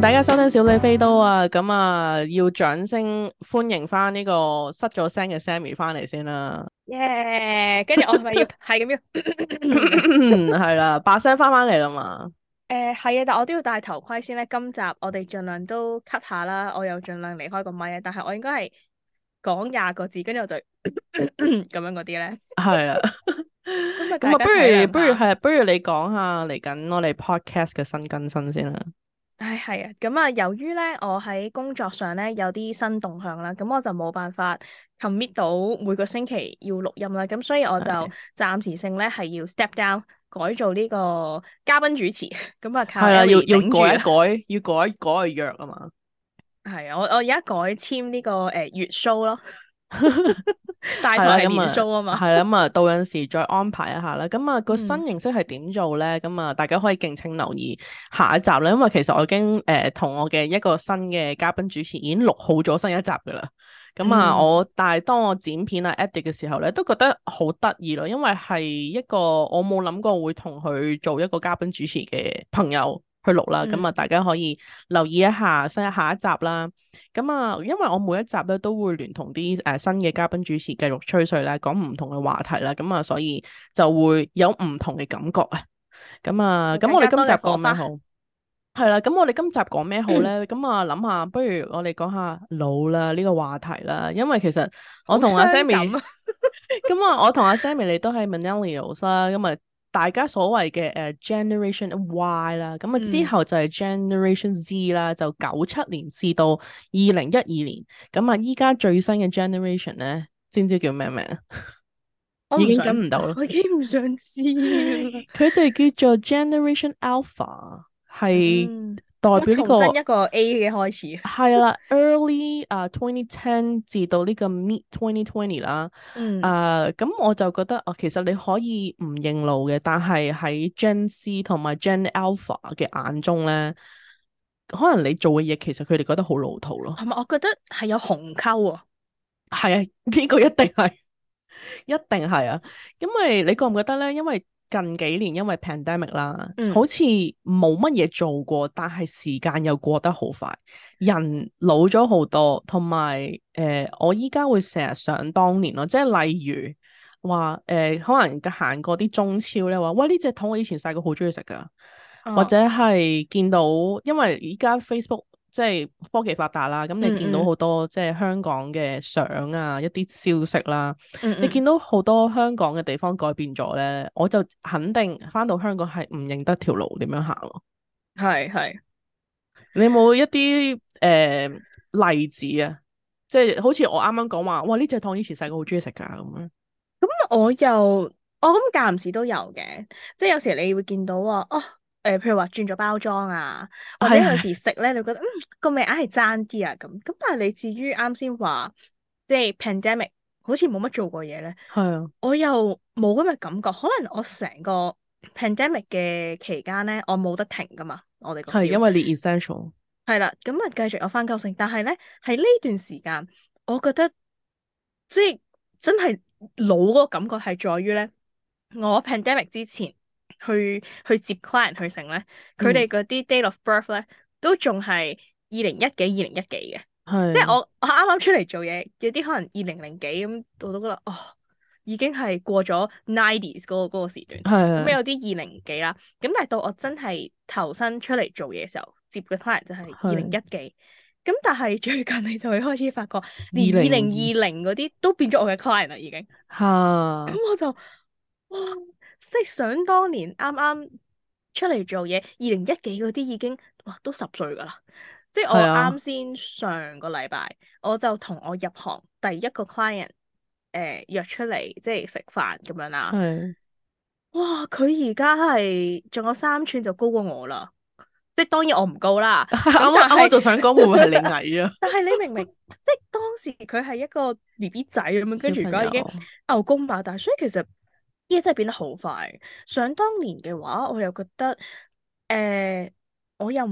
大家收聽《小李非都》啊，咁啊，要掌聲歡迎翻呢個失咗聲嘅 Sammy 翻嚟先啦。耶、yeah，跟住我咪要係咁樣？係 啦、嗯，把聲翻翻嚟啦嘛。誒、呃，係啊，但我都要戴頭盔先咧。今集我哋盡量都 cut 下啦，我又盡量離開個咪啊。但係我應該係講廿個字，跟住我就咁 樣嗰啲咧。係 啊是的。咁 啊，不如不如係，不如你講下嚟緊我哋 Podcast 嘅新更新先啦。唉，係啊、哎，咁啊，由於咧我喺工作上咧有啲新動向啦，咁我就冇辦法 commit 到每個星期要錄音啦，咁所以我就暫時性咧係要 step down，改做呢個嘉賓主持，咁 靠 啊靠。係啦，要要改一改， 改要改，改一改個約啊嘛。係啊，我我而家改簽呢、這個誒、呃、月 show 咯。 大台係免租啊嘛，係啦咁啊，到有陣時再安排一下啦。咁啊個新形式係點做咧？咁啊大家可以敬請留意下一集啦。因為其實我已經誒同、呃、我嘅一個新嘅嘉賓主持已經錄好咗新一集噶啦。咁啊我、嗯、但係當我剪片啊 edit 嘅時候咧，都覺得好得意咯。因為係一個我冇諗過會同佢做一個嘉賓主持嘅朋友。 去錄啦，咁啊大家可以留意一下新下一集啦。咁啊，因為我每一集咧都會聯同啲誒新嘅嘉賓主持繼續吹水啦，講唔同嘅話題啦，咁啊，所以就會有唔同嘅感覺啊。咁啊，咁我哋今集講咩好？係啦，咁我哋今集講咩好咧？咁啊，諗 下，想想不如我哋講下「老」啦呢個話題啦，因為其實我同阿 Sammy，咁啊，我同阿 Sammy 你都係 millennials 啦，咁啊。大家所謂嘅誒 Generation Y 啦，咁啊，之後就係 Generation Z 啦，就九七年至到二零一二年，咁啊，依家最新嘅 Generation 咧，知唔知叫咩名啊？我已經跟唔到咯，我已經唔想知。佢哋叫做 Generation Alpha，係。代表呢個新一個 A 嘅開始。係 啦，early 啊，twenty ten 至到呢個 mid twenty twenty 啦。嗯。誒，咁我就覺得，哦，其實你可以唔認路嘅，但係喺 Gen C 同埋 Gen Alpha 嘅眼中咧，可能你做嘅嘢其實佢哋覺得好老土咯。係咪？我覺得係有鴻溝喎、哦。係啊，呢個一定係，一定係啊。因為你覺唔覺得咧？因為近幾年因為 pandemic 啦，嗯、好似冇乜嘢做過，但係時間又過得好快，人老咗好多，同埋誒，我依家會成日想當年咯，即係例如話誒、呃，可能行過啲中超咧，話喂呢隻桶我以前細個好中意食㗎，哦、或者係見到，因為依家 Facebook。即係科技發達啦，咁你見到好多即係香港嘅相啊，一啲消息啦，你見到好多香港嘅地方改變咗咧，我就肯定翻到香港係唔認得條路點樣行咯。係係、嗯嗯。你冇一啲誒、呃、例子啊？即係好似我啱啱講話，哇！呢隻湯以前細個好中意食噶咁樣。咁我又，我諗間唔時都有嘅，即係有時你會見到啊，哦。誒、呃，譬如話轉咗包裝啊，或者有時食咧，你會覺得嗯個味硬係爭啲啊咁。咁但係你至於啱先話，即係 pandemic 好似冇乜做過嘢咧。係啊的，我又冇咁嘅感覺。可能我成個 pandemic 嘅期間咧，我冇得停噶嘛。我哋係因為你 essential 係啦。咁啊，繼續有翻救性。但係咧，喺呢段時間，我覺得即係真係老嗰個感覺係在於咧，我 pandemic 之前。去去接 client 去成咧，佢哋嗰啲 date of birth 咧都仲係二零一幾二零一幾嘅，即係是我我啱啱出嚟做嘢，有啲可能二零零幾咁，我都覺得哦，已經係過咗 nineties 嗰個嗰、嗰個時段，咁，的有啲二零幾啦，咁但係到我真係投身出嚟做嘢嘅時候，接嘅 client 就係二零一幾，咁是但係最近你就會開始發覺，連二零二零嗰啲都變咗我嘅 client 啦，已經，咁 我就哇～即係想當年啱啱出嚟做嘢，二零一幾嗰啲已經哇都十歲噶啦！即係我啱先上個禮拜，我就同我入行第一個 client 誒約出嚟，即係食飯咁樣啦。係哇，佢而家係仲有三寸就高過我啦！即係當然我唔高啦，啱啱啱我就想講會唔會係你矮啊？但係你明明即係當時佢係一個 B B 仔咁樣，跟住而家已經牛高馬大，所以其實。呢嘢真係變得好快。想當年嘅話，我又覺得，誒、呃，我又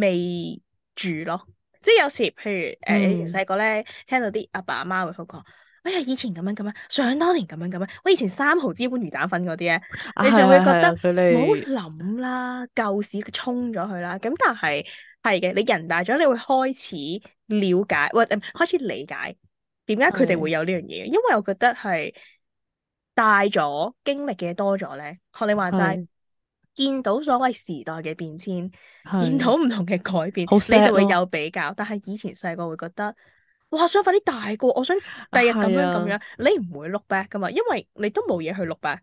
未住咯。即係有時，譬如誒，以前細個咧聽到啲阿爸阿媽會好講，哎呀，以前咁樣咁樣，想當年咁樣咁樣。我以前三毫支碗魚蛋粉嗰啲咧，啊、你就會覺得唔好諗啦，舊事沖咗佢啦。咁但係係嘅，你人大咗，你會開始了解，或、呃、開始理解點解佢哋會有呢樣嘢。的因為我覺得係。大咗，經歷嘅多咗咧，學你話齋、是、是見到所謂時代嘅變遷，是見到唔同嘅改變，你就會有比較。但係以前細個會覺得，哇，想快啲大個，我想第日咁樣咁、啊、樣，你唔會 look back 噶嘛，因為你都冇嘢去 look back。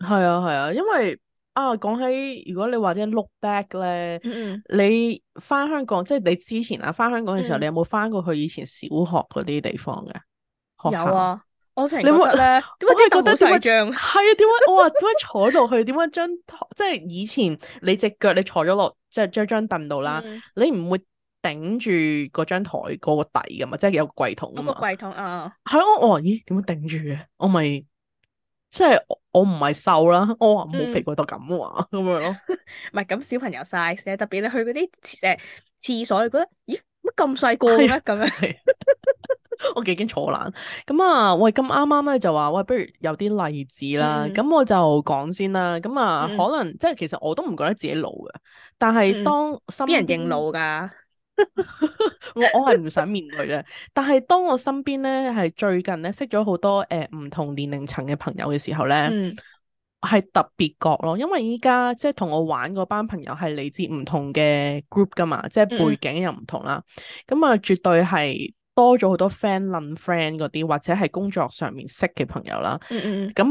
係啊係啊，因為啊，講起如果你話啲 look back 咧，嗯嗯你翻香港，即係你之前啊翻香港嘅時候，嗯、你有冇翻過去以前小學嗰啲地方嘅？有啊。我成日覺得咧，點解說覺得細像？係 啊，點解我話點解坐落去？點解張台即係 以前你隻腳你坐咗落即係將張凳度啦？嗯、你唔會頂住嗰張台嗰、就是、個底噶嘛？即係有個櫃桶啊嘛？個櫃桶啊，係咯，我話咦點樣頂住啊？我咪即係我唔係瘦啦，我話冇肥過得咁啊，咁樣咯。唔係咁小朋友 size，特別你去嗰啲誒廁所，你覺得咦乜咁細個咩咁樣？ 我幾驚坐難咁啊！喂，咁啱啱咧就話喂，不如有啲例子啦。咁、嗯、我就講先啦。咁啊，可能、嗯、即係其實我都唔覺得自己老嘅，但係當身邊人認老噶， 我我係唔想面對嘅。 但係當我身邊咧係最近咧識咗好多誒唔同年齡層嘅朋友嘅時候咧，係、嗯、特別覺咯，因為依家即係同我玩嗰班朋友係嚟自唔同嘅 group 噶嘛，即係背景又唔同啦。咁啊、嗯嗯嗯，絕對係。多咗好多 friend 論 friend 嗰啲，或者係工作上面識嘅朋友啦。咁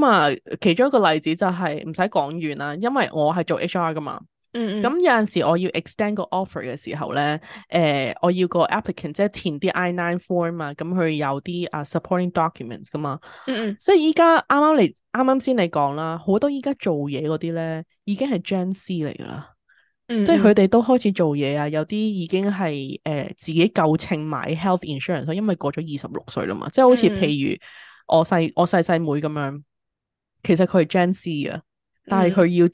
啊、mm hmm.，其中一個例子就係唔使講完啦，因為我係做 HR 噶嘛。咁、mm hmm. 有陣時我要 extend 個 offer 嘅時候咧，誒、呃，我要個 applicant 即係填啲 i nine form 啊，咁佢有啲啊、uh, supporting documents 噶嘛。即係依家啱啱嚟啱啱先你講啦，好多依家做嘢嗰啲咧已經係 Gen C 嚟㗎啦。即係佢哋都開始做嘢啊，有啲已經係誒、呃、自己夠稱買 health insurance 因為過咗二十六歲啦嘛。即係好似譬如我細、嗯、我細細妹咁樣，其實佢係 Gen C 啊，但係佢要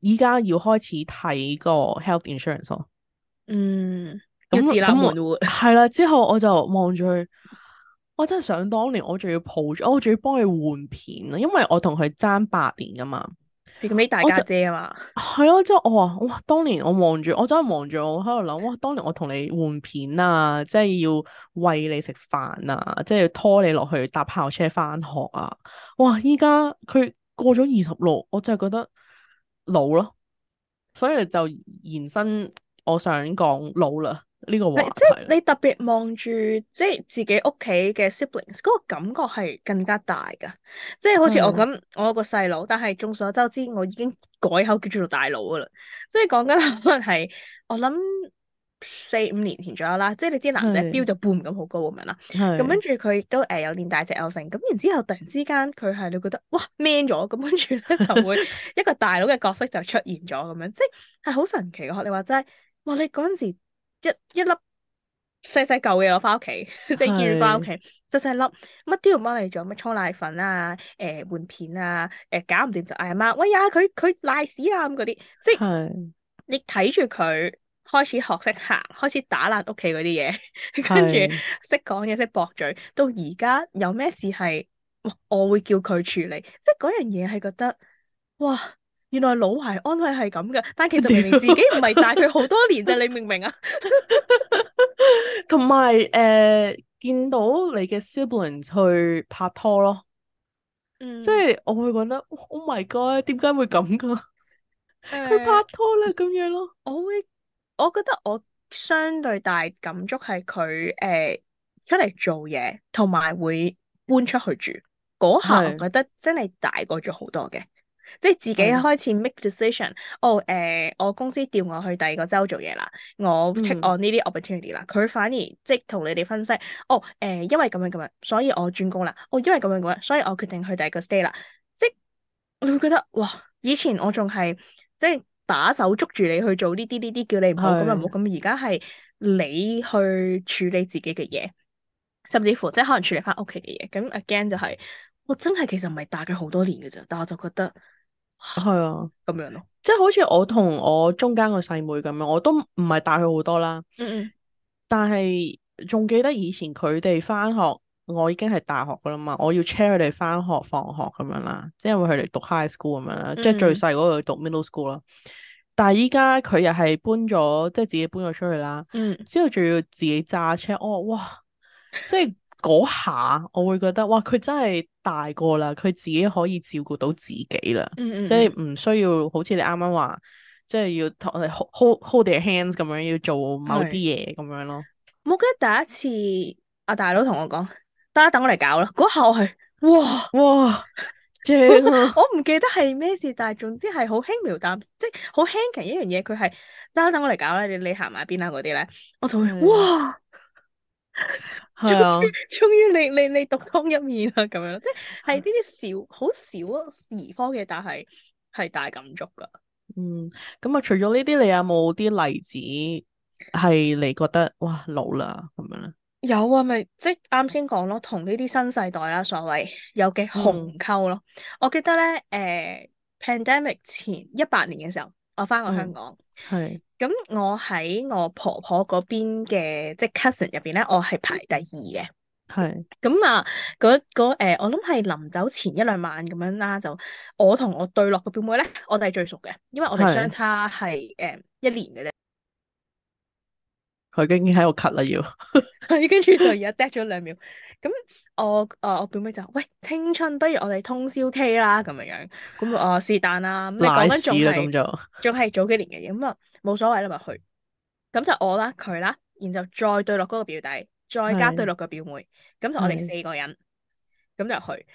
依家、嗯、要開始睇個 health insurance 咯。嗯，咁咁係啦。之後我就望住佢，我真係想當年我仲要抱住，我仲要幫佢換片啊，因為我同佢爭八年噶嘛。你咁啲大家姐啊嘛，係咯，即係我話哇，當年我望住，我真係望住，我喺度諗哇，當年我同你換片啊，即係要餵你食飯啊，即係要拖你落去搭校車翻學啊，哇，依家佢過咗二十六，我真係覺得老咯，所以就延伸我想講老啦。呢個話題，即係你特別望住即係自己屋企嘅 siblings 嗰個感覺係更加大嘅，即係好似我咁，嗯、我有個細佬，但係眾所周知，我已經改口叫做做大佬噶啦。所以講緊可能係我諗四五年前左右啦，即係你知男仔、嗯、標就 boom 咁好高咁樣啦，咁跟住佢都誒、呃、有練大隻有成，咁然後之後突然之間佢係你覺得哇 man 咗，咁跟住咧就會 一個大佬嘅角色就出現咗咁樣，即係係好神奇嘅。你話真係哇！你嗰陣時。一一粒細細嚿嘅攞翻屋企，即係見完翻屋企，細細 粒乜都要幫你做，乜沖奶粉啊、誒、呃、換片啊、誒、呃、搞唔掂就嗌阿媽，媽，喂、哎、啊佢佢賴屎啦咁嗰啲，即係是你睇住佢開始學識行，開始打爛屋企嗰啲嘢，跟住識講嘢識駁嘴，到而家有咩事係我會叫佢處理，即係嗰樣嘢係覺得哇～原來老懷安慰係咁嘅，但係其實明明自己唔係大佢好多年啫， 你明唔明啊？同埋誒，見到你嘅 siblings 去拍拖咯，嗯，即係我會覺得，oh my god，點解會咁噶？佢、呃、 拍拖啦咁、呃、樣咯。我會，我覺得我相對大感觸係佢誒出嚟做嘢，同埋會搬出去住嗰下，嗯、我覺得即係你大個咗好多嘅。即係自己開始 make decision，、嗯、哦，誒、呃，我公司調我去第二個州做嘢啦，我 take on 呢啲 opportunity 啦。佢、嗯、反而即係同你哋分析，哦，誒、呃，因為咁樣咁樣，所以我轉工啦。哦，因為咁樣咁樣，所以我決定去第二個 state 啦。即係你會覺得哇，以前我仲係即係打手捉住你去做呢啲呢啲，叫你唔好咁樣唔好咁。而家係你去處理自己嘅嘢，甚至乎即係可能處理翻屋企嘅嘢。咁 again 就係、是、我真係其實唔係大佢好多年嘅咋，但我就覺得。係啊，咁樣咯，即係好似我同我中間個細妹咁樣，我都唔係大佢好多啦。嗯嗯，但係仲記得以前佢哋翻學，我已經係大學噶啦嘛，我要車佢哋翻學、放學咁樣啦。即係因為佢哋讀 high school 咁樣啦，嗯嗯，即係最細嗰個讀 middle school 啦。但係依家佢又係搬咗，即係自己搬咗出去啦。嗯，之後仲要自己揸車，我、哦、話哇，即係。 嗰下我會覺得哇，佢真係大個啦，佢自己可以照顧到自己啦，嗯嗯嗯，即係唔需要好似你啱啱話，即係要同我哋 hold hold their hands 咁樣要做某啲嘢咁樣咯。我記得第一次阿，啊、大佬同我講，得啦，等我嚟搞啦。嗰下係哇哇，哇正，啊、 我唔記得係咩事，但係總之係好輕描淡，即係好輕嘅一樣嘢。佢係得啦，等我嚟搞啦，你你行埋邊啊嗰啲咧，我同佢。哇～ 終於 終於、啊，你你你讀通一面啦，咁樣即係呢啲少好少兒科嘅，但係係大感觸㗎。嗯，咁啊，除咗呢啲，你有冇啲例子係你覺得哇老啦咁樣咧？有啊，咪即係啱先講咯，同呢啲新世代啦，所謂有嘅鴻溝咯。嗯、我記得咧，誒、呃、，pandemic 前一八年嘅時候。我翻過香港，係咁、嗯、我喺我婆婆嗰邊嘅即係 cousin 入邊咧，我係排第二嘅，係咁是啊，嗰嗰誒，我諗係臨走前一兩晚咁樣啦、啊，就我同我對落個表妹咧，我哋係最熟嘅，因為我哋相差係誒是、嗯、一年嘅啫。佢已經喺度 cut 啦，要，佢已經轉頭而家 dead 咗兩秒。咁我誒，我表妹就喂，青春不如我哋通宵 K 啦，咁樣樣，咁啊、呃、 是但啦，咁你講緊仲係仲係早幾年嘅嘢，咁啊冇所謂啦咪去，咁就我啦佢啦，然後再對落嗰個表弟，再加對落個表妹，咁是就我哋四個人，咁、嗯、就去。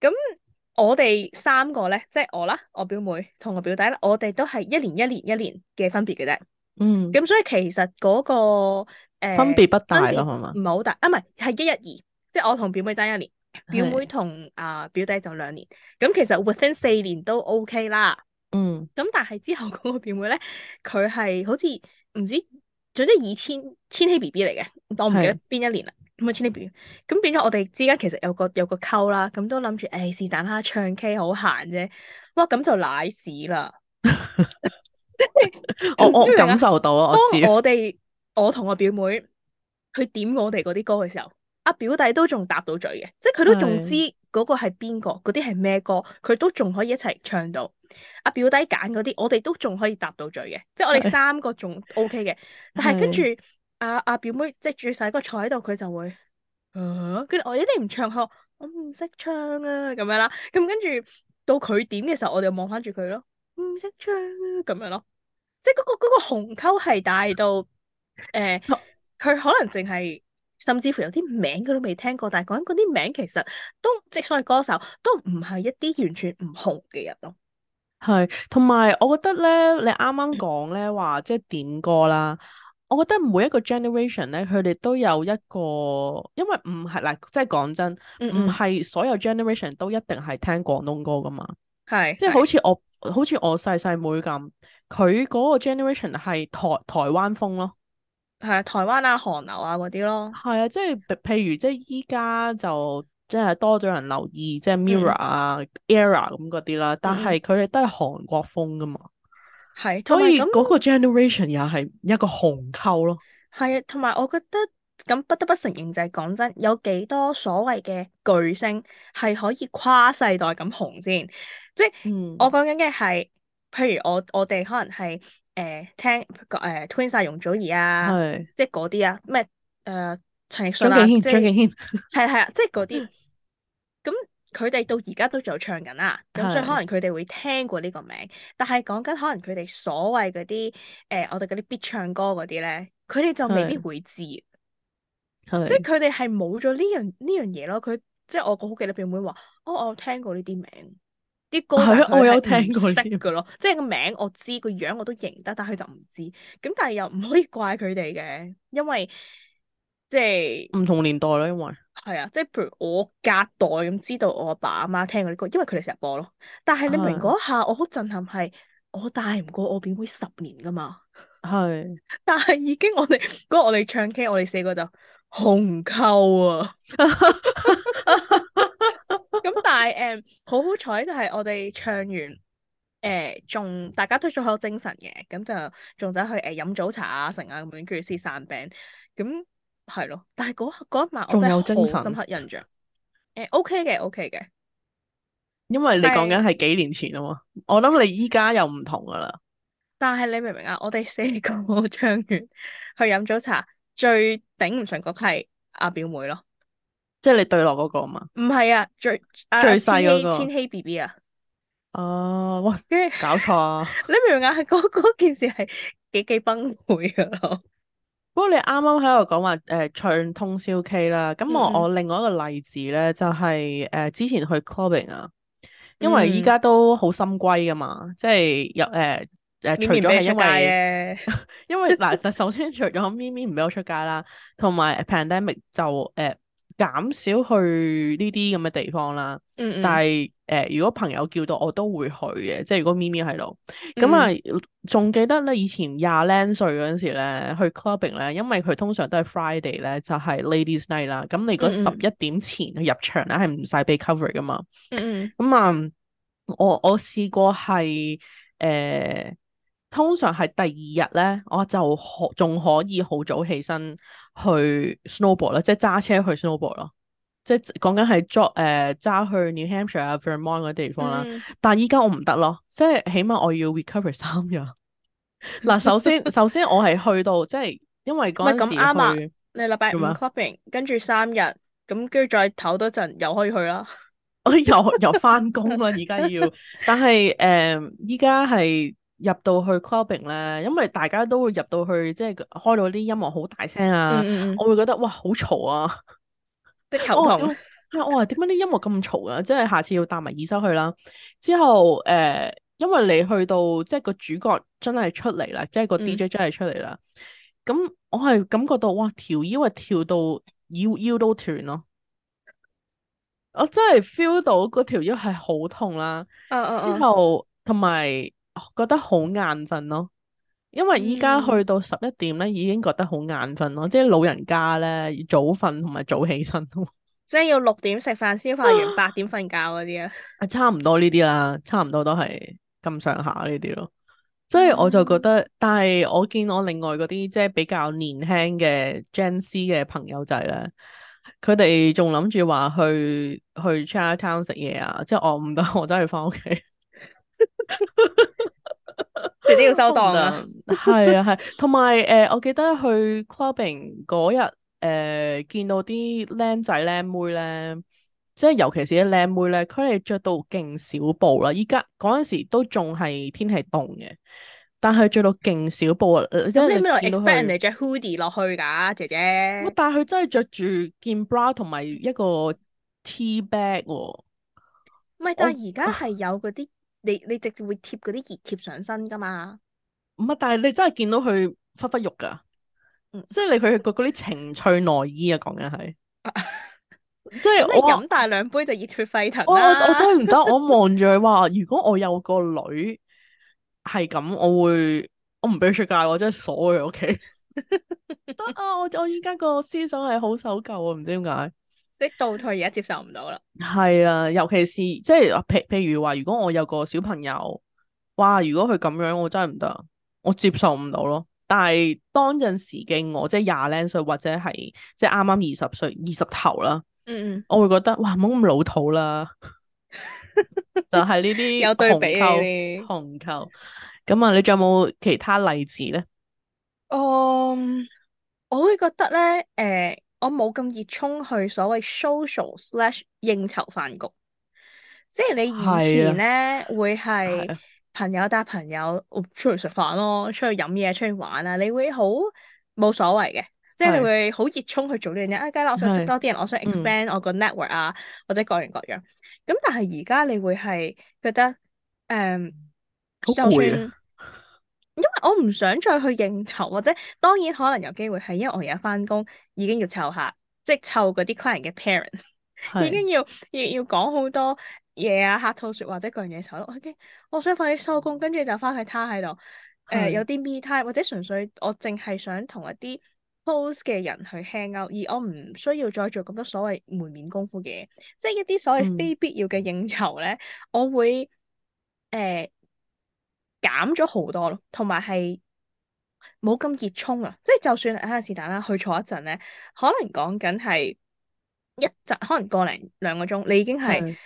咁我哋三個咧，即係我啦，我表妹同我表弟啦，我哋都係一年一年一年嘅分別嘅啫。嗯。咁所以其實嗰、那個。分別不大咯，係嘛？唔係好大啊，唔係係一日二，000，即係我同表妹爭一年，哎、表妹同啊表弟就兩年。咁其實 within 四年都 OK 啦。嗯。咁但係之後嗰個表妹咧，佢係好似唔知，總之二千千禧 B B 嚟嘅，我唔記得邊一年啦。咁啊，千禧 B B，咁變咗我哋之間其實有個有個溝啦。咁都諗住誒，是但啦，唱 K 好閒啫。哇，咁就奶屎啦。我我感受到，我我哋。我同我表妹去點我哋嗰啲歌嘅時候，阿表弟都仲答到嘴嘅，即係佢都仲知嗰個係邊個，嗰啲係咩歌，佢都仲可以一齊唱到。阿表弟揀嗰啲，我哋都仲可以答到嘴嘅，即係我哋三個仲 OK 嘅。 但係跟住阿阿表妹即係最細個坐喺度，佢就會啊，跟住我依啲唔唱學，我唔識唱啊咁樣啦。咁跟住到佢點嘅時候，我哋又望翻住佢咯，唔識唱啊咁樣咯。即係、那、嗰個嗰、那個鴻溝係大到。誒，佢、uh, 可能淨係，甚至乎有啲名佢都未聽過，但係講緊嗰啲名其實都即係所謂歌手都唔係一啲完全唔紅嘅人咯。係，同埋我覺得咧，你啱啱講咧話即係點歌啦，我覺得每一個 generation 咧，佢哋都有一個，因為唔係嗱，即係講真，唔係、嗯嗯、所有 generation 都一定係聽廣東歌噶嘛。係是，即係好似我是好似我細細妹咁，佢嗰個 generation 係台台灣風咯。係台灣啊、韓、啊、流啊嗰啲 咯，係啊，即係譬如即係依家就即係多咗人留意，即係 mirror 啊、Era 咁嗰啲啦，但係佢哋都係韓國風噶嘛，係，所以嗰個 generation 又係跟 一個鴻溝咯。係啊、欸，同埋我覺得咁不得不承認就係，講真，有幾多所謂嘅巨星係可以跨世代咁紅先？即係、嗯、我講緊嘅係，譬如我我哋可能係。誒、呃，聽誒、呃、Twins 啊，容祖兒啊，的即係嗰啲啊，咩誒陳奕迅啦，張敬軒，係係啊，即係嗰啲。咁佢哋到而家都仲有唱緊啦，咁所以可能佢哋會聽過呢個名，但係講緊可能佢哋所謂嗰啲誒，我哋嗰啲必唱歌嗰啲咧，佢哋就未必會知即、這個這個。即係佢哋係冇咗呢樣呢樣嘢咯。佢即係我個好記得，表妹話，哦，我聽過呢啲名。啲歌係啊，我有聽過識嘅咯，即係個名我知，個樣我都認得，但係佢就唔知。咁但係又唔可以怪佢哋嘅，因為即係唔同年代咯。因為係啊，即係譬如我隔代咁知道我阿爸阿媽聽過啲歌，因為佢哋成日播咯。但係你明嗰下，我好震撼係，是我大唔過我表妹十年噶嘛。係是，但係已經我哋嗰個我哋唱 K，我哋四個就好唔溝啊！ 咁 但係誒，嗯、好好彩就係我哋唱完誒，仲、呃、大家都仲有精神嘅，咁、嗯、就仲走去誒飲、呃、早茶啊成啊咁樣，跟住先散餅，咁係咯。但係嗰一晚我真係好深刻印象。誒、呃、OK 嘅，OK 嘅，因為你講緊係幾年前啊嘛，是我諗你依家又唔同噶啦。但係你明唔明啊？我哋四個唱完去飲早茶，最頂唔順嗰個係阿表妹咯。即係你對落嗰個嘛？唔係啊，最最細嗰個千禧 B B 啊！哦，跟住搞錯啊！你明唔明啊？嗰嗰件事係幾幾崩潰噶咯？不過你啱啱喺度講話誒唱通宵 K 啦，咁我我另外一個例子咧就係誒之前去 clubbing 啊，因為依家都好心歸噶嘛，即係入誒誒除咗係因嘅。因為嗱，首先除咗咪咪唔俾我出街啦，同埋 pandemic 就誒。減少去呢啲咁嘅地方啦，嗯嗯但係誒、呃，如果朋友叫到我都會去嘅，即係如果咪咪喺度，咁、嗯、啊，仲記得咧以前廿零歲嗰陣時咧去 clubbing 咧，因為佢通常都係 Friday 咧就係、是、Ladies Night 啦，咁你如果十一點前入場咧係唔使俾 cover 噶嘛，咁、嗯嗯、啊，我我試過係誒、呃，通常係第二日咧我就可仲可以好早起身。S 去 snowboard 咯，即係揸車去 snowboard 咯，即係講緊係抓誒揸去 New Hampshire 啊、Vermont 嗰啲地方啦。嗯、但係依家我唔得咯，即係起碼我要 recover 三日。嗱， 首先 首先我係去到即係，因為嗰陣時、啊、麼你禮拜五 clubbing，跟住三日，咁跟住再唞多陣又可以去啦。我 又又翻工啦，而家要，但係誒依家係。呃入到去 clubbing 咧，因為大家都會入到去，即係開到啲音樂好大聲啊！嗯嗯，我會覺得哇，好嘈啊！直頭痛我話點解啲音樂咁嘈啊？即係下次要帶埋耳塞去啦。之後誒、呃，因為你去到即係個主角真係出嚟啦，嗯、即係個 DJ 真係出嚟啦。咁我係感覺到哇，條腰係跳到腰腰都斷咯！我真係 feel 到嗰條腰係好痛啦、啊。之後同埋。嗯覺得好眼瞓咯，因為依家去到十一點咧，已經覺得好眼瞓咯。即係老人家咧，早瞓同埋早起身咯，即係要六點食飯消化完，八點瞓覺嗰啲啊。啊，差唔多呢啲啦，差唔多都係咁上下呢啲咯。所以我就覺得，但係我見我另外嗰啲即係比較年輕嘅 Gen C 嘅朋友仔咧，佢哋仲諗住話去去 Chinatown 食嘢啊，即係我唔得，我真係翻屋企。 姐姐要收檔啦，係。 啊，係，同埋誒，我記得去 clubbing 嗰日誒、呃，見到啲靚仔靚妹咧，即係尤其是啲靚妹咧，佢哋着到勁少布啦。依家嗰陣時都仲係天氣凍嘅，但係着到勁少布啊。咁你咪 expect 人哋着 hoodie 落去噶，姐姐？啊，但係佢真係着住件 bra 同埋一個 t-back 喎，啊。唔係，但係而家係有嗰啲。你你直接會貼嗰啲熱貼上身噶嘛？唔係，但係你真係見到佢忽忽肉噶，嗯、即係你佢嗰啲情趣內衣啊，講緊係， 即係我飲大兩杯就熱血沸騰啦、哦。我真係唔得，我望住佢話，如果我有個女係咁，我會我唔俾佢出街，我真係鎖佢喺屋企。得 啊，我我依家個思想係好守舊啊，唔知點解。即倒退而家，接受唔到啦，係啊，尤其是即係譬譬如話，如果我有個小朋友，哇，如果佢咁樣，我真係唔得，我接受唔到咯。但係當陣時嘅我，即係廿零歲或者係即係啱啱二十歲二十頭啦，嗯嗯，我會覺得哇，冇咁老土啦， 就係呢啲有對比啊，紅球。咁啊，你仲有冇其他例子咧？嗯，um, 我會覺得咧，誒、呃。我冇咁熱衷去所謂 social slash 應酬飯局，即係你以前咧、啊、會係朋友帶朋友、啊、出去食飯咯、啊，出去飲嘢，出去玩啊，你會好冇所謂嘅，即係你會好熱衷去做呢樣嘢。啊，梗係啦，我想識多啲人，啊、我想 expand、嗯、我個 network 啊，或者各樣各樣。咁但係而家你會係覺得誒，嗯、就算。因為我唔想再去應酬，或者當然可能有機會係因為我而家翻工已經要湊客，即係湊嗰啲 client 嘅 parents，是已經要要要講好多嘢啊，客套説或者各樣嘢手，我已經我想快啲收工，跟住就翻去攤喺度。誒是、呃、有啲 me time 或者純粹我淨係想同一啲 close 嘅人去 hang out，而我唔需要再做咁多所謂門面功夫嘅嘢，即係一啲所謂非必要嘅應酬咧，嗯、我會誒。呃減咗好多咯，同埋係冇咁熱衷啊！即係就算啊，是但啦，去坐一陣咧，可能講緊係一陣，可能個零兩個鐘，你已經係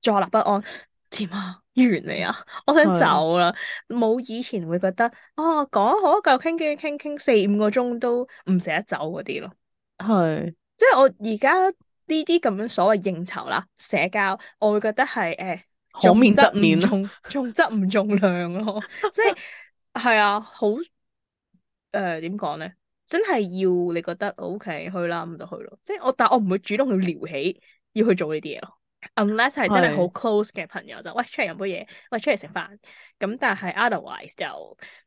坐立不安，點是啊？完你啊！我想走啦，冇是以前會覺得啊，講、哦、好夠傾傾傾傾四五個鐘都唔捨得走嗰啲咯。係是，即係我而家呢啲咁樣所謂應酬啦、社交，我會覺得係誒。欸重面側面，質唔重，重質唔重量咯，即係係啊，好誒點講咧？真係要你覺得 OK 去啦，咁就去咯。即係我，但係我唔會主動去撩起要去做呢啲嘢咯。Unless 係真係好 close 嘅朋友是就喂出嚟飲杯嘢，喂出嚟食飯。咁但係 otherwise 就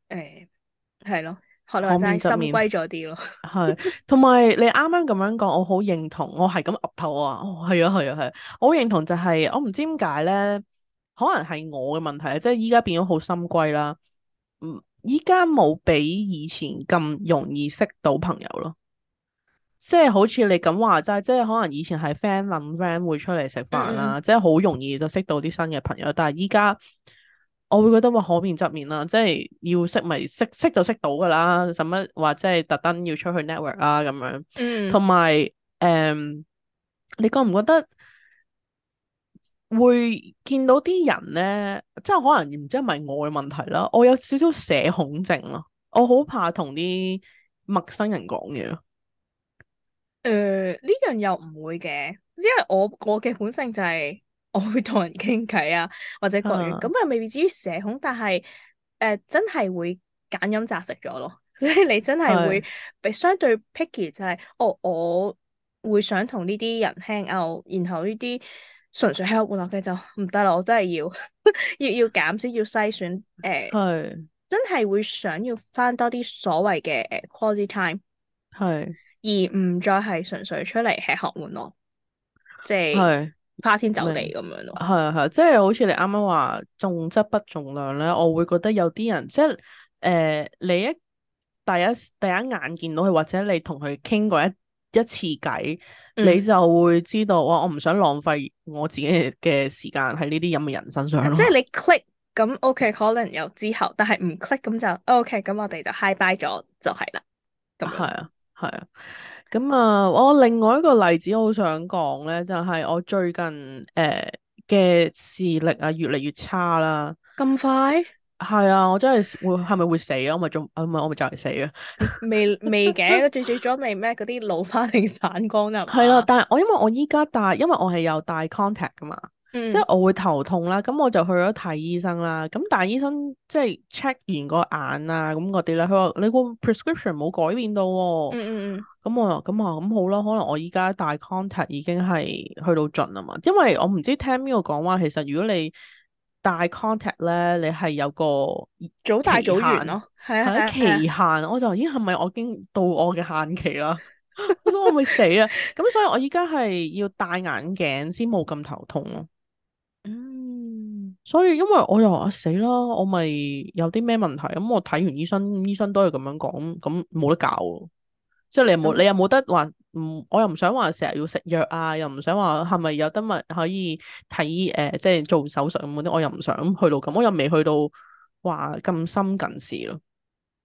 誒係咯，可能真係心虧咗啲咯。係， 同埋你啱啱咁樣講，我好認同，我係咁岌頭啊！哦，係啊，係啊，係、啊啊啊，我好認同就係、是、我唔知點解咧。可能係我嘅問題咧，即係依家變咗好心機啦。嗯，依家冇比以前咁容易識到朋友咯。即係好似你咁話齋，即係可能以前係 friend 諗 friend 會出嚟食飯啦，嗯、即係好容易就識到啲新嘅朋友。但係依家我會覺得話可免則免啦，即係要識咪識，識就，識，就識到噶啦，使乜話即係特登要出去 network 啊咁樣。同埋、嗯，誒、嗯，你覺唔覺得？會見到啲人咧，即係可能唔知係咪我嘅問題啦。我有少少社恐症咯，我好怕同啲陌生人講嘢咯。誒、呃，呢樣又唔會嘅，因為我我嘅本性就係我會同人傾偈啊，或者講完咁啊，未必至於社恐，但係誒、呃、真係會揀飲擇食咗咯。 你真係會比、嗯、相對 picky 就係、是，哦，我會想同呢啲人 hang out，然後呢啲。純粹吃喝玩樂嘅就唔得啦，我真係要 要要減少，要篩選誒，呃、是真係會想要翻多啲所謂嘅誒 quality time，係是而唔再係純粹出嚟吃喝玩樂，即係花天酒地咁樣咯。係啊係啊，即係好似你啱啱話重質不重量咧，我會覺得有啲人即係誒、呃，你一第一第一眼見到佢，或者你同佢傾過一。一次計，嗯、你就會知道哇！我唔想浪費我自己嘅時間喺呢啲咁嘅人身上。即係你 click 咁，OK，可能有之後，但係唔 click 咁就 OK，咁我哋就 high bye 咗就係啦。咁係啊，係啊。咁啊，我另外一個例子，好想講咧，就係、是、我最近誒嘅視力啊，越嚟越差啦。咁快？係啊，我真係會係咪會死啊？我咪仲，我咪我咪就嚟死啊！未未嘅，最最咗未咩？嗰啲老花定散光啊？係啦，但係我因為我依家戴，因為我係有戴 contact 噶嘛，嗯、即係我會頭痛啦。咁我就去咗睇醫生啦。咁但係醫生即係 check 完個眼啊，咁嗰啲咧，佢話你個 prescription 冇改變到喎、喔。嗯嗯嗯。咁我話，咁啊咁好啦，可能我依家戴 contact 已經係去到盡啊嘛。因為我唔知聽邊個講話，其實如果你戴 contact 咧，你係有個、啊、早戴早完咯，係啊的，期限，的的我就咦係咪我已經到我嘅限期啦？ 我咪死啦！咁 所以我依家係要戴眼鏡先冇咁頭痛咯、啊。嗯，所以因為我又、啊、話死啦，我咪有啲咩問題？咁我睇完醫生，醫生都係咁樣講，咁冇得搞喎。即係你又冇，你又冇得話，唔，我又唔想話成日要食藥啊，又唔想話係咪有得物可以睇誒、呃，即係做手術咁嗰啲，我又唔想去到咁，我又未去到話咁深近視咯。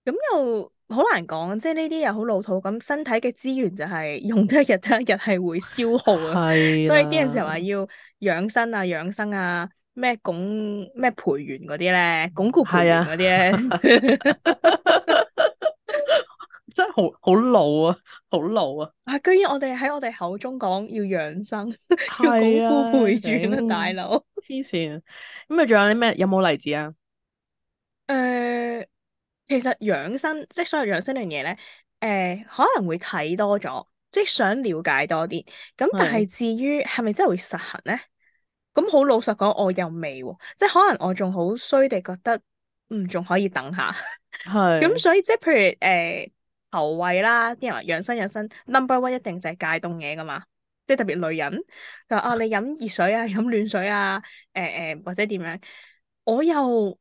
咁又好難講，即係呢啲又好老土。咁身體嘅資源就係用得一日得一日，係會消耗啊。係的所以啲人成日話要養生啊，養生啊，咩拱咩培元嗰啲咧，鞏固培元的，嗰啲咧。真係好好老啊，好老啊！啊，居然我哋喺我哋口中講要養生， 要功夫回轉啊，大佬黐線咁啊，仲有啲咩？有冇例子啊？誒、呃，其實養生即係所謂養生呢樣嘢咧，誒、呃，可能會睇多咗，即係想了解多啲。咁但係至於係咪真係會實行咧？咁好是老實講，我又未喎。即係可能我仲好衰地覺得，嗯，仲可以等下。係是。咁所以即係譬如誒，呃喉胃啦，啲人話養生養生，number one 一定就係戒凍嘢噶嘛，即係特別女人就啊，你飲熱水啊，飲暖水啊，誒、呃、誒、呃、或者點樣，我又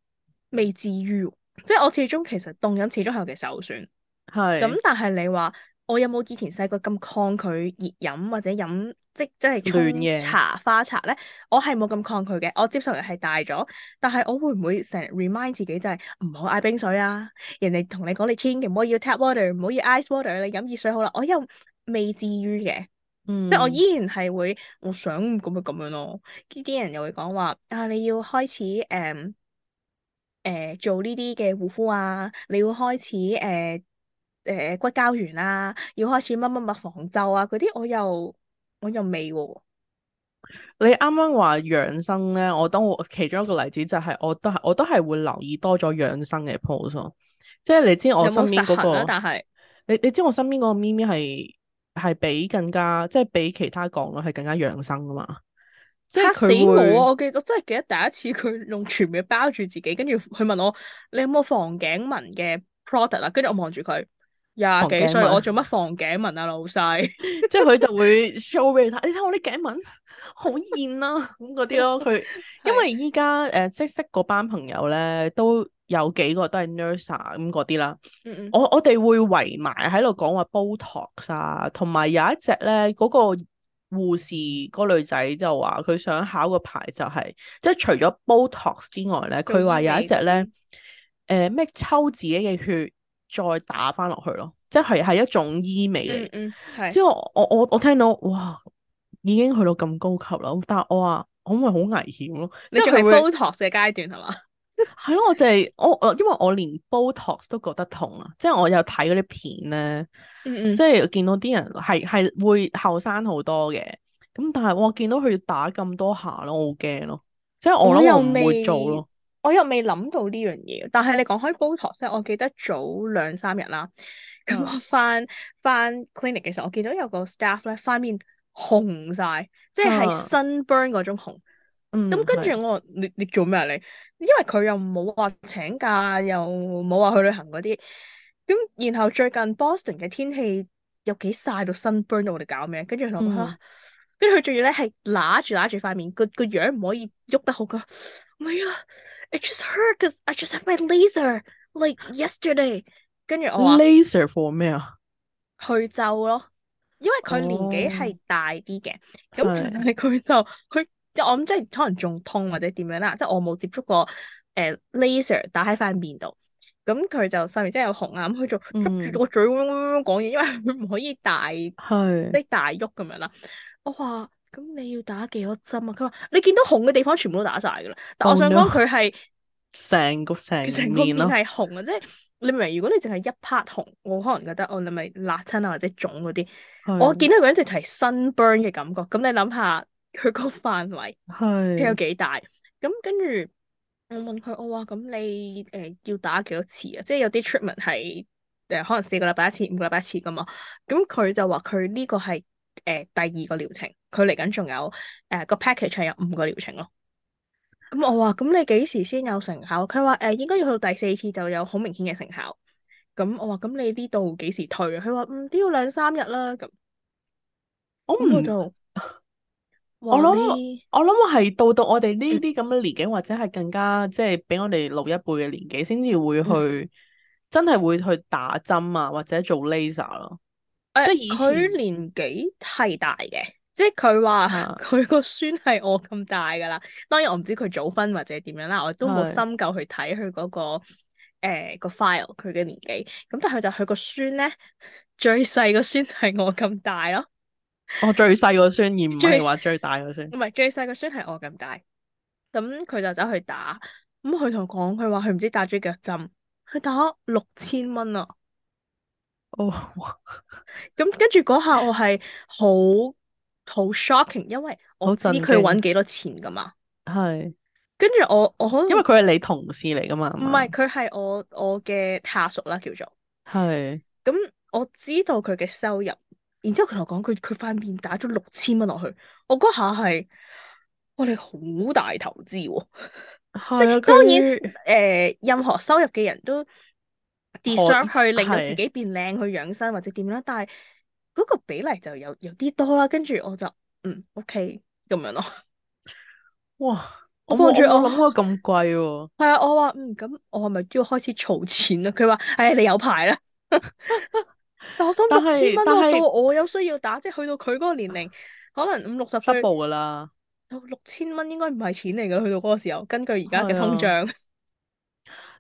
未至於，即係我始終其實凍飲始終係我嘅首選，係是，咁但係你話我有冇以前細個咁抗拒熱飲或者飲？即即係沖茶花茶咧，我係冇咁抗拒嘅，我接受力係大咗。但係我會唔會成日 remind 自己就係唔好嗌冰水啊？人哋同你講你千祈唔好要 tap water，唔好要，要 ice water，你飲熱水好啦。我又未至於嘅，嗯、即係我依然係會我想咁咪咁樣咯。啲、啊、人又會講話啊，你要開始誒誒、嗯呃、做呢啲嘅護膚啊，你要開始誒誒、呃呃、骨膠原啊，要開始乜乜乜防皺啊嗰啲，我又～又味喎！啊、你啱啱話養生咧，我都我其中一個例子就係我都係我都係會留意多咗養生嘅 pose 即係你知我身邊嗰、嗰個，有冇實行啊、但係你你知我身邊嗰個咪咪係係比更加即係比其他講咯，係更加養生噶嘛？即吓死我啊！我記得真係記,記得第一次佢用全面包住自己，跟住佢問我：你有冇防頸紋嘅 product 啊？跟住我望住佢。廿幾歲，防頸紋？我做乜防頸紋啊老細， 即係佢就會 show 俾你睇，哎，你睇我啲頸紋好艷啦，啊，咁嗰啲咯。佢因為依家誒即識嗰班朋友咧，都有幾個都係 nurse 咁嗰啲啦。我我哋會圍埋喺度講話 Botox 啊，同埋有，有一隻咧嗰個護士個女仔就話佢想考個牌就係，是，即係除咗 Botox 之外咧，佢話有，有一隻咧誒咩抽自己嘅血。再打翻落去咯，即係係一種醫美嚟。嗯嗯，之後我我我聽到哇，已經去到咁高級啦。但係我話可唔可以好危險咯？即係 Botox 嘅階段係嘛？係咯， 我就係我我因為我連 Botox 都覺得痛啊。即係我有睇嗰啲片咧，嗯嗯，即係見到啲人係係會後生好多嘅。咁但係我見到佢打咁多下咯，我好驚咯。即係我諗又唔會做咯。我又未諗到呢樣嘢，但係你講開 Botox，即我記得早兩三日啦。咁我翻翻、嗯、clinic 嘅時候，我見到有個 staff 咧，塊面紅晒，嗯、即係係 sunburn 嗰種紅。咁、嗯、跟住我是你你做咩啊你？因為佢又冇話請假，又冇話去旅行嗰啲。咁然後最近 Boston 嘅天氣又幾晒到 sunburn 到我哋搞咩？跟住佢話，嗯、哼跟住佢仲要咧係揦住揦住塊面，個個樣唔可以喐得好噶。唔係啊！我 just hurt，cause I just have my laser like yesterday。跟住我話，laser for 咩啊？去皺咯，因為佢年紀係大啲嘅，咁但係佢就佢，我諗即係可能仲痛或者點樣啦，即係我冇接觸過誒 laser 打喺塊面度，咁佢就塊面真係有紅啊，咁佢就吸住個嘴，嗡嗡嗡講嘢，因為佢唔可以大係即係大喐咁樣啦。我話。咁你要打幾多針啊？佢話你見到紅嘅地方全部都打晒噶啦。但我想講佢係成個成成個面係紅啊，呃、即係你明？如果你淨係一 part 紅，我可能覺得哦，你咪辣親啊或者腫嗰啲。的我見到佢一直提 sun burn 嘅感覺，咁你諗下佢個範圍係有幾大？咁跟住我問佢，我話咁你誒、呃、要打幾多次啊？即係有啲 treatment 係誒、呃、可能四個禮拜一次、五個禮拜一次噶嘛。咁佢就話佢呢個係。誒、呃，第二個療程，佢嚟緊仲有誒、呃、個 package 係有五個療程咯。咁、嗯、我話，咁你幾時先有成效？佢話誒，應該要去到第四次就有好明顯嘅成效。咁、嗯、我話，咁你呢度幾時退啊？佢話嗯，都要兩三日啦。咁我唔不做、嗯。我諗我諗係到到我哋呢啲咁嘅年紀，或者係更加即係、就是、比我哋老一輩嘅年紀，先至會去、嗯、真係會去打針啊，或者做 laser 咯、啊。欸、即係佢年紀係大嘅，即係佢話佢個孫係我咁大噶啦。啊、當然我唔知佢早婚或者點樣啦，我都冇深究去睇佢嗰個誒、欸嗰個、file 佢嘅年紀。咁但係就佢個孫咧，最細個孫就係我咁大咯。我、哦、最細個孫而唔係話最大個孫。唔係最細個孫係我咁大。咁佢就走去打。咁佢同我講，佢話佢唔知打咗幾多針。佢打六千蚊啊！哦，咁 跟住嗰下我係好好 shocking，因為我知佢搵幾多錢噶嘛，係是，跟住我我可能因為佢係你同事嚟噶嘛，唔係佢係我我嘅下屬啦叫做，係是，咁、嗯、我知道佢嘅收入，然之後佢同我講佢佢塊面打咗六千蚊落去，我嗰下係，我哋好大投資，即係當然誒、呃、任何收入嘅人都。d e 去令到自己變靚，是去養生或者點啦，但係嗰個比例就有有啲多啦，跟住我就嗯，ok 咁樣咯。哇！我望住我諗過咁貴喎。係啊，我話嗯，咁我係咪都要開始儲錢啊？佢話，哎，你有排啦。 但是 我諗，六千蚊到我有需要打，是即係去到佢嗰個年齡，可能五六十分步噶啦。六千蚊應該唔係錢嚟噶，去到嗰個時候，根據而家嘅通脹。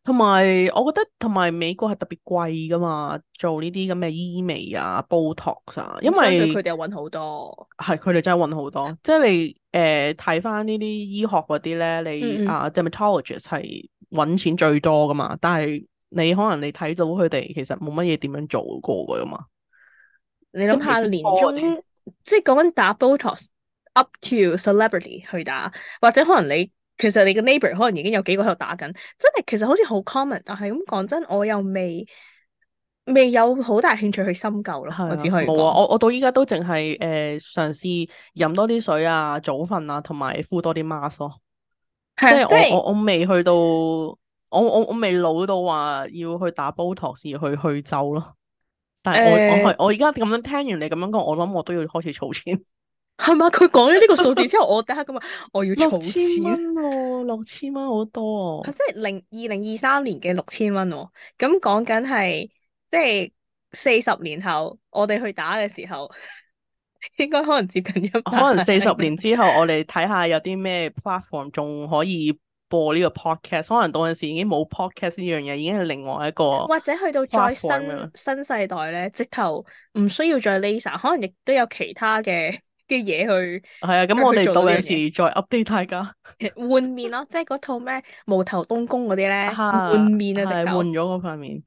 同埋，我覺得同埋美國係特別貴噶嘛，做呢啲咁嘅醫美啊、Botox 啊，因為佢哋揾好多，係佢哋真係揾好多。嗯嗯，即係你誒睇翻呢啲醫學嗰啲咧，你啊，即係 dermatologist 係揾錢最多噶嘛。但係你可能你睇到佢哋其實冇乜嘢點樣做過㗎嘛。你諗想下年終，即係講緊打 Botox up to celebrity 去打，或者可能你。其實你個 neighbor 可能已經有幾個喺度打緊，真係其實好似好 common，但係咁講真，我又未未有好大興趣去深究啦。係啊的，冇啊，我我到依家都淨係誒嘗試飲多啲水啊、早瞓啊，同埋敷多啲 mask 咯。的即係我即是我，我，我未去到，我我我未老到話要去打 Botox 去去皺咯。但係我、呃、我係我依家咁樣聽完你咁樣講，我諗我都要開始儲錢。係嘛？佢講咗呢個數字之後， 我等一下咁啊，我要儲錢六千蚊喎，哦，六千蚊好多，哦、啊！即係零二零二三年嘅六千蚊，哦，咁講緊係即係四十年後我哋去打嘅時候，應該可能接近一百。可能四十年之後， 我哋睇下有啲咩 platform 仲可以播呢個 podcast，可能到陣時已經冇 podcast 呢樣嘢，已經係另外一個或者去到再新新世代咧，直頭唔需要再 Laser，可能亦都有其他嘅。嘅嘢去，係啊，咁、嗯、我哋到有時再 update 大家換面咯，即係嗰套咩無頭東宮嗰啲咧換面啊，就係換咗嗰塊面。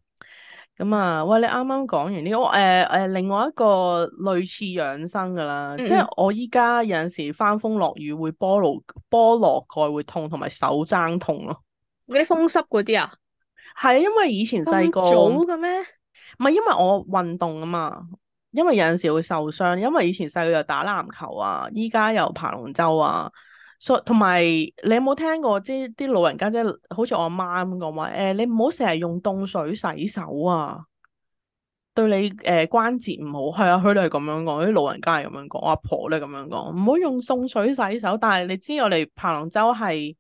咁啊，喂，你啱啱講完呢個誒誒，另外一個類似養生噶啦，嗯、即係我依家有陣時翻風落雨會菠蘿菠蘿蓋會痛，同埋手踭痛咯。嗰啲風濕嗰啲啊？係、啊、因為以前細個早嘅咩？唔係因為我運動啊嘛。因為有陣時會受傷，因為以前細個又打籃球啊，依家又爬龍舟啊，所以同埋你有冇聽過啲啲老人家即係好似我阿媽咁講話，誒、哎、你唔好成日用凍水洗手啊，對你誒、呃、關節唔好，係啊，佢哋係咁樣講，啲老人家係咁樣講，阿婆咧咁樣講，唔好用凍水洗手，但係你知我哋爬龍舟係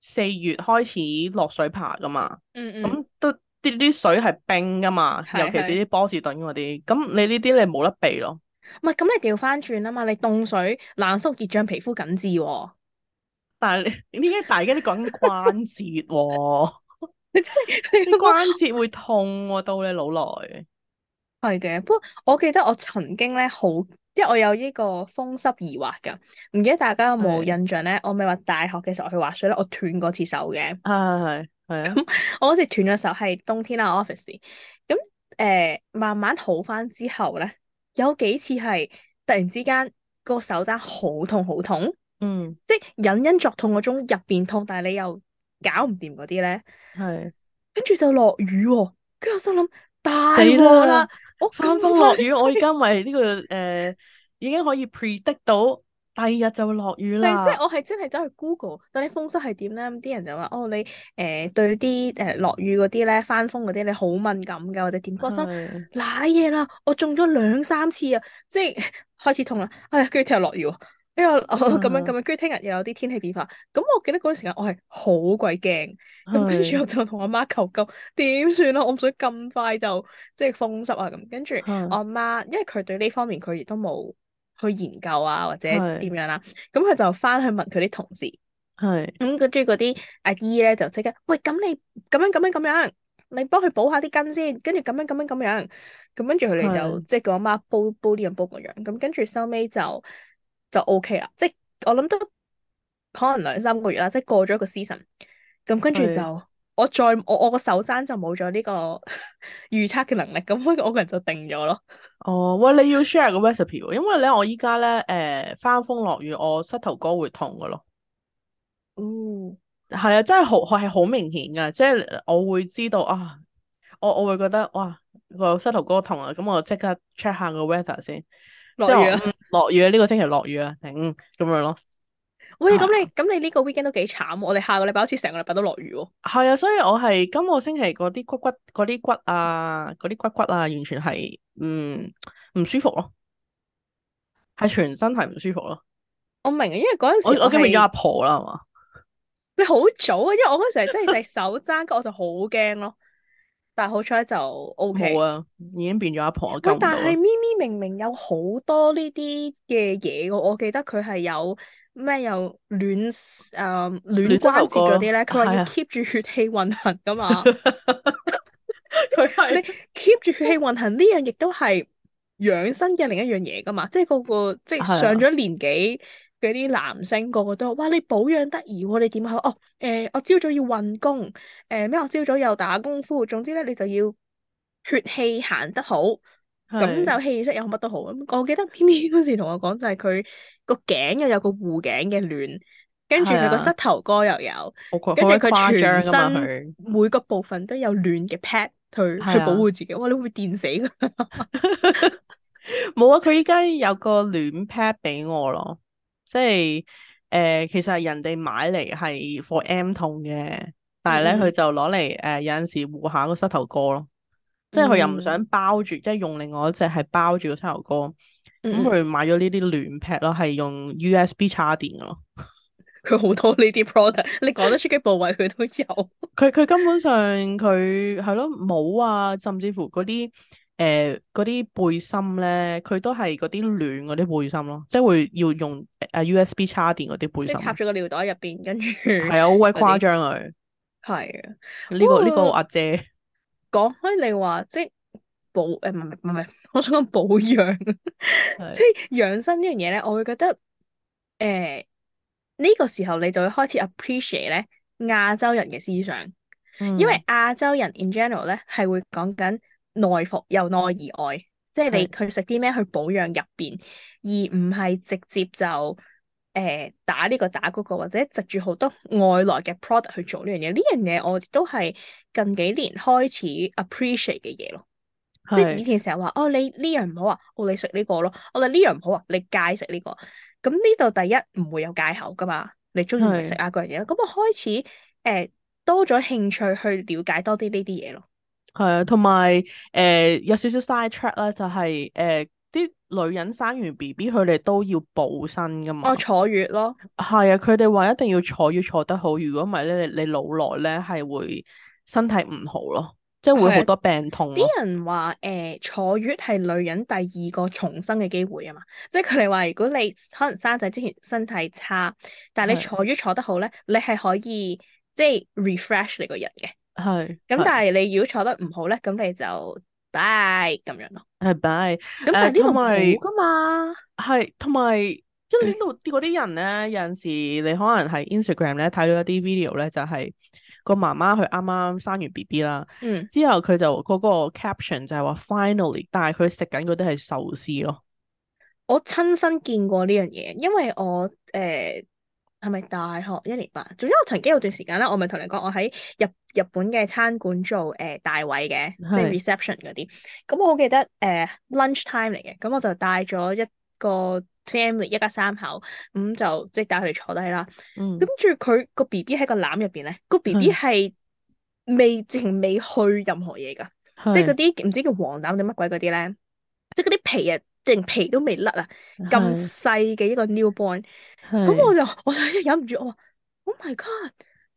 四月開始落水爬噶嘛，咁、嗯嗯、都。啲啲水係冰噶嘛，尤其是啲波士頓嗰啲，咁的你呢啲你冇得避咯。唔係，咁你調翻轉啊嘛，你凍水冷縮熱脹，皮膚緊緻喎、啊。但係你點解大家都講關節喎、啊，你真係關節會痛喎、啊，到你老嚟。係嘅，不過我記得我曾經咧好，即係我有呢個風濕疑惑噶，唔記得大家有冇印象咧？的我咪話大學嘅時候去滑水咧，我斷過次手嘅。係係係。係啊，咁、嗯、我嗰時斷咗手係冬天啦 office 咁，誒、呃，慢慢好翻之後咧，有幾次係突然之間個手踭好痛好痛，嗯，即係隱隱作痛嗰種入邊痛，但係你又搞唔掂嗰啲咧，係是，跟住就落雨喎，跟住我心諗大鑊啦，我這翻風落雨， 我而家咪呢個誒、呃，已經可以 predict 到。第二日就會落雨啦。即係、就是、我係真係走去 Google，到底風濕係點咧？啲人就話哦，你誒、呃、對啲誒落雨嗰啲咧，翻風嗰啲你好敏感噶，或者點？我心瀨嘢啦，我中咗兩三次啊，即係開始痛啦。哎呀，跟住聽日落雨，跟住我咁樣咁樣，跟住聽日又有啲天氣變化。咁我記得嗰段時間我係好鬼驚，咁跟住我就同阿媽，媽求救，點算啊？我唔想咁快就即係風濕啊咁。跟住我阿媽，因為佢對呢方面佢亦都冇。去研究啊，或者點樣啦、啊，咁佢是就翻去問佢啲同事，咁跟住嗰啲阿姨咧就即刻，喂，咁你咁樣咁樣咁樣，你幫佢補下啲筋先，跟住咁樣咁樣咁樣，咁跟住佢哋就即係叫阿媽煲煲啲咁煲個樣，咁跟住收尾就是後後就，就 OK 啦，即係我諗都可能兩三個月啦，即係過咗一個 season，咁跟住就。我再我我手個手踭就冇咗呢個預測嘅能力，咁我我個人就定咗咯。哦，喂，你要 share 個 recipe，因為咧我依家咧誒，翻風落雨我膝頭哥會痛㗎咯。嗯、哦，係啊，真係好係好明顯噶，即係我會知道啊，我我會覺得哇個膝頭哥痛啊，咁我即刻 check 下個 weather 先。落雨啊！落雨啊！呢、這個星期落雨啊！嗯，咁樣咯。喂，咁你咁你呢個 weekend 都幾慘，我哋下個禮拜好似成個禮拜都落雨喎。係啊，所以我係今個星期嗰啲骨骨嗰啲骨啊，嗰啲骨骨啊，完全係嗯唔舒服咯，係全身係唔舒服咯。我明啊，因為嗰陣時我我已經變咗阿婆啦，係嘛？你好早啊，因為我嗰時係真係隻手踭骨， 我就好驚咯。但係好彩就 OK 啊，已經變咗阿婆。喂，但係咪咪明明，明有好多呢啲嘅嘢，我記得佢係有。咩又暖誒暖關節嗰啲咧，佢話要 keep 住血氣運行噶嘛？佢係 keep 住血氣運行呢樣亦都係養生嘅另一樣嘢噶嘛？即係個個即係上咗年紀嗰啲男性，個個都話：哇，你保養得宜喎，你點解哦？欸，我朝早要運功，誒咩？我朝早又打功夫，總之咧，你就要血氣行得好。咁 就氣色有乜都好。咁我記得 Pian Pian 嗰時同我講，就係佢個頸又有個護頸嘅暖，跟住佢個膝頭哥又有，的跟住佢好全身每個部分都有暖嘅 pad 去的去保護自己。哇，你會唔會電死？冇啊， 佢依家有個暖 pad 俾我咯，即係誒、呃，其實人哋買嚟係 for M 痛嘅，但係咧佢就攞嚟誒有陣時護下個膝頭哥咯。即係佢又唔想包住，即係用另外一隻係包住個膝頭哥，咁佢、嗯、買咗呢啲暖 pad，㗎咯，係用 USB 叉電咯。佢好多呢啲 product，你講得出嘅部位佢都有。佢佢 根本上佢係咯帽啊，甚至乎嗰啲誒啲背心咧，佢都係嗰啲暖嗰啲背心咯，即係會要用啊 USB 叉電嗰啲背心，背心背心插住個尿袋入邊，跟住係啊，好鬼誇張佢。係啊，呢個呢個阿姐。講開你話即係保誒，唔係唔係唔係，我想講保養， 即係養生呢樣嘢咧，我會覺得誒呢、欸這個時候你就會開始 appreciate 咧亞洲人嘅思想，嗯、因為亞洲人 in general 咧係會講緊內服，由內而外，即係你佢食啲咩去保養入邊，的而唔係直接就。誒打呢個打嗰、那個，或者籍住好多外來嘅 product 去做呢樣嘢，呢樣嘢我都係近幾年開始 appreciate 嘅嘢咯。是即係以前成日話哦，你呢樣唔好啊，哦你食呢個咯，我哋呢樣唔好啊，你戒食呢個。咁呢度第一唔會有戒口噶嘛，你中意食啊嗰樣嘢。咁是我開始誒、呃、多咗興趣去了解多啲呢啲嘢咯。係啊，同埋誒有少少、呃、side track 啦、就是，就係誒。啲女人生完 B B 佢哋都要補身噶嘛。哦，坐月咯，係啊，佢哋話一定要坐月坐得好，如果唔係咧，你你老來咧係會身體唔好咯，即係會好多病痛。啲人話誒、呃，坐月係女人第二個重生嘅機會啊嘛，即係佢哋話如果你可能生仔之前身體差，但係你坐月坐得好咧，的你係可以即係 refresh 你個人嘅。係的。咁但係你如果坐得唔好咧，咁你就。係咁樣咯，係，by 咁但係呢度冇噶嘛，係、uh,，同埋， 因為呢度啲嗰啲人咧，有陣時你可能喺 Instagram 咧睇到一啲 video 咧，就係、是、個媽媽佢啱啱生完 BB 啦，嗯、之後佢就嗰個 caption 就係話 finally，但係佢食緊嗰啲係壽司咯。我親身見過呢樣嘢，因為我誒。呃係咪大學一年班？總之我曾經有段時間啦，我咪同你講，我喺日日本嘅餐館做誒帶、呃、位嘅，即係 reception 嗰啲。咁是我好記得誒 lunch time 嚟嘅，咁、呃、我就帶咗一個 family，一家三口，咁就即係帶佢哋坐低啦。咁跟住佢個 B B 喺個籃入邊咧，個 B B 係未，仲是未去任何嘢㗎，是即係嗰啲唔知叫黃疸定乜鬼嗰啲咧，即係嗰啲皮啊，定皮都未甩啊，咁細嘅一個 newborn。咁我就我忍唔住我話 Oh my god，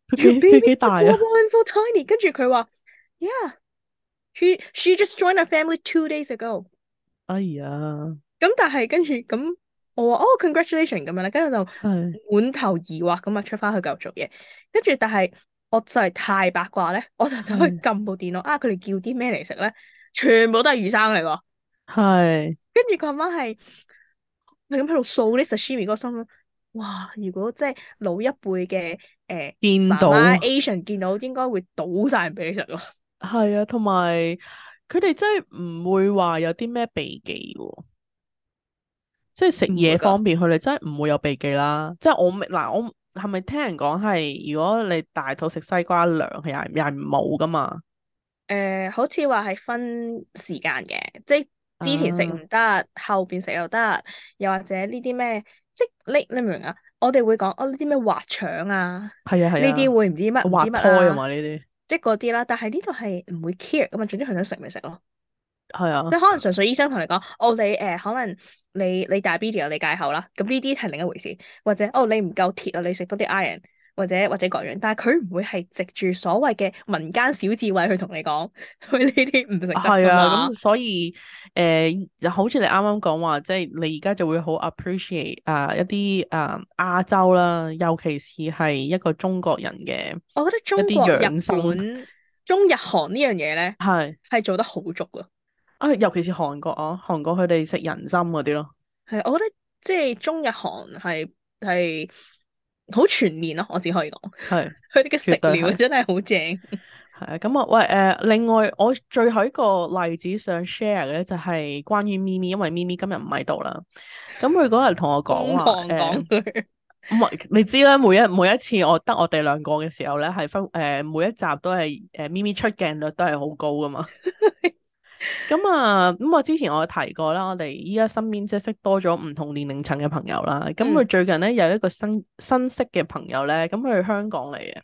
佢 B B 幾大？啊、 跟住佢話，Yeah，she she just join the family two days ago。哎呀！咁，嗯、但係跟住咁我話哦，congratulation 咁樣啦，跟住、嗯 oh，就滿 頭疑惑咁啊，出翻去繼續做嘢。跟住但係我就係太八卦咧，我就走去撳部電腦是啊！佢哋叫啲咩嚟食咧？全部都係魚生嚟個。係是。跟住佢阿媽係係咁喺度掃啲 sashimi 嗰個心咯。哇！如果即係老一輩嘅誒，媽媽 Asian 見到，到應該會倒晒俾你食咯。係啊，同埋佢哋真係唔會話有啲咩避忌嘅，即係食嘢方面，佢哋真係唔會有避忌，就是，啦。即係我，嗱，我係咪聽人講係，如果你大肚食西瓜涼，係又係冇噶嘛？誒、呃，好似話係分時間嘅，即係之前食唔得，啊、後邊食又得，又或者呢啲咩？即你，你明唔明、哦、啊？我哋的會講哦，呢啲咩滑腸啊，係啊些，呢啲會唔知乜，唔知乜啊嘛呢啲，即嗰啲啦。但係呢度係唔會 care 噶嘛，總之佢想食咪食咯。係啊的，即可能純粹醫生同你講，哦你誒、呃、可能你你大 B B 你戒口啦，咁呢啲係另一回事，或者哦你唔夠鐵啊，你食多啲 iron。或者或者各樣，但係佢唔會係藉住所謂嘅民間小智慧去同你講，佢呢啲唔食得。係啊，咁吧所以誒、呃，就好、是、似你啱啱講話，即係你而家就會好 appreciate 啊、呃、一啲誒、呃、亞洲啦，尤其是係一個中國人嘅，我覺得中國日本中日韓呢樣嘢咧，係係是做得好足咯。啊，尤其是韓國啊，韓國佢哋食人參嗰啲咯。係，我覺得即係中日韓係係。好全面咯、啊，我只可以講係佢哋嘅食料真係好正。係啊，咁啊喂誒、呃，另外我最後一個例子想 share 嘅咧就係關於咪咪，因為咪咪今日唔喺度啦，咁佢嗰日同我講話，唔係、 呃、 你知啦，每一每一次我，我得我哋兩個嘅時候咧，係分誒、呃、每一集都係誒、呃、咪咪出鏡率都係好高㗎嘛。 咁啊，咁我之前我有提過啦。我哋依家身邊即係識多咗唔同年齡層嘅朋友啦。咁佢、嗯嗯、最近咧有一個新新識嘅朋友咧，咁佢係香港嚟嘅，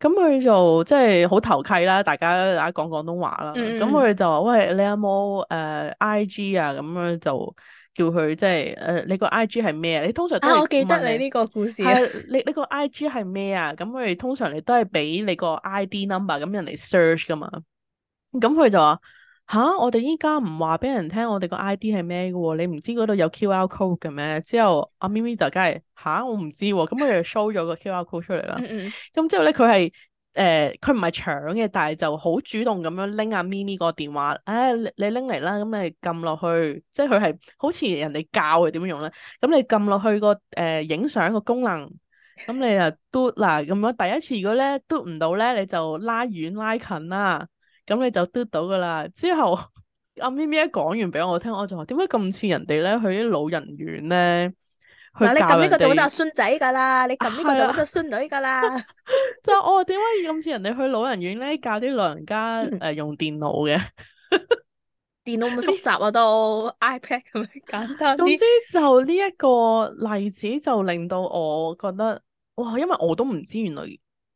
咁佢就即係好投契啦。大家大家講廣東話啦，咁佢、嗯、就話喂，你有冇誒 I G 啊？咁樣就叫佢即係誒，uh, 你個 I G 係咩啊？你通常都、啊、我記得你呢個故事你你個 I G 係咩啊？咁佢哋通常都你都係俾你個 I D number，咁人嚟 search 噶嘛。咁佢就話。吓、啊，我哋依家唔話俾人聽我哋個 ID 係咩嘅喎？你唔知嗰度有 QR code 嘅咩？之後阿咪咪就梗係吓，我唔知喎、啊。咁佢就 show 咗個 QR code 出嚟啦。咁之 後咧，佢係誒佢唔係搶嘅，但係就好主動咁樣拎阿咪咪個電話。誒、啊，你拎嚟啦，咁你撳落去，即係佢係好似人哋教嘅點樣用咧。咁你撳落去個誒、呃、影相個功能，咁你啊嘟 o 啦，咁樣第一次如果咧嘟唔到咧，你就拉遠拉近啦。咁你就嘟到噶啦！之後阿咪，咪咪一講完俾我聽，我就話：點解咁似人哋咧？去啲老人院咧去教人哋。嗱，你撳呢個就揾到孫仔噶啦，你撳呢個就揾到孫女噶啦。就我話點解咁似人哋去老人院咧，教啲老人家誒、嗯呃、用電腦嘅？ 電腦咁複雜啊， 到 iPad 咁簡單。 總之就呢一個例子就令到我覺得哇，因為我都唔知原來。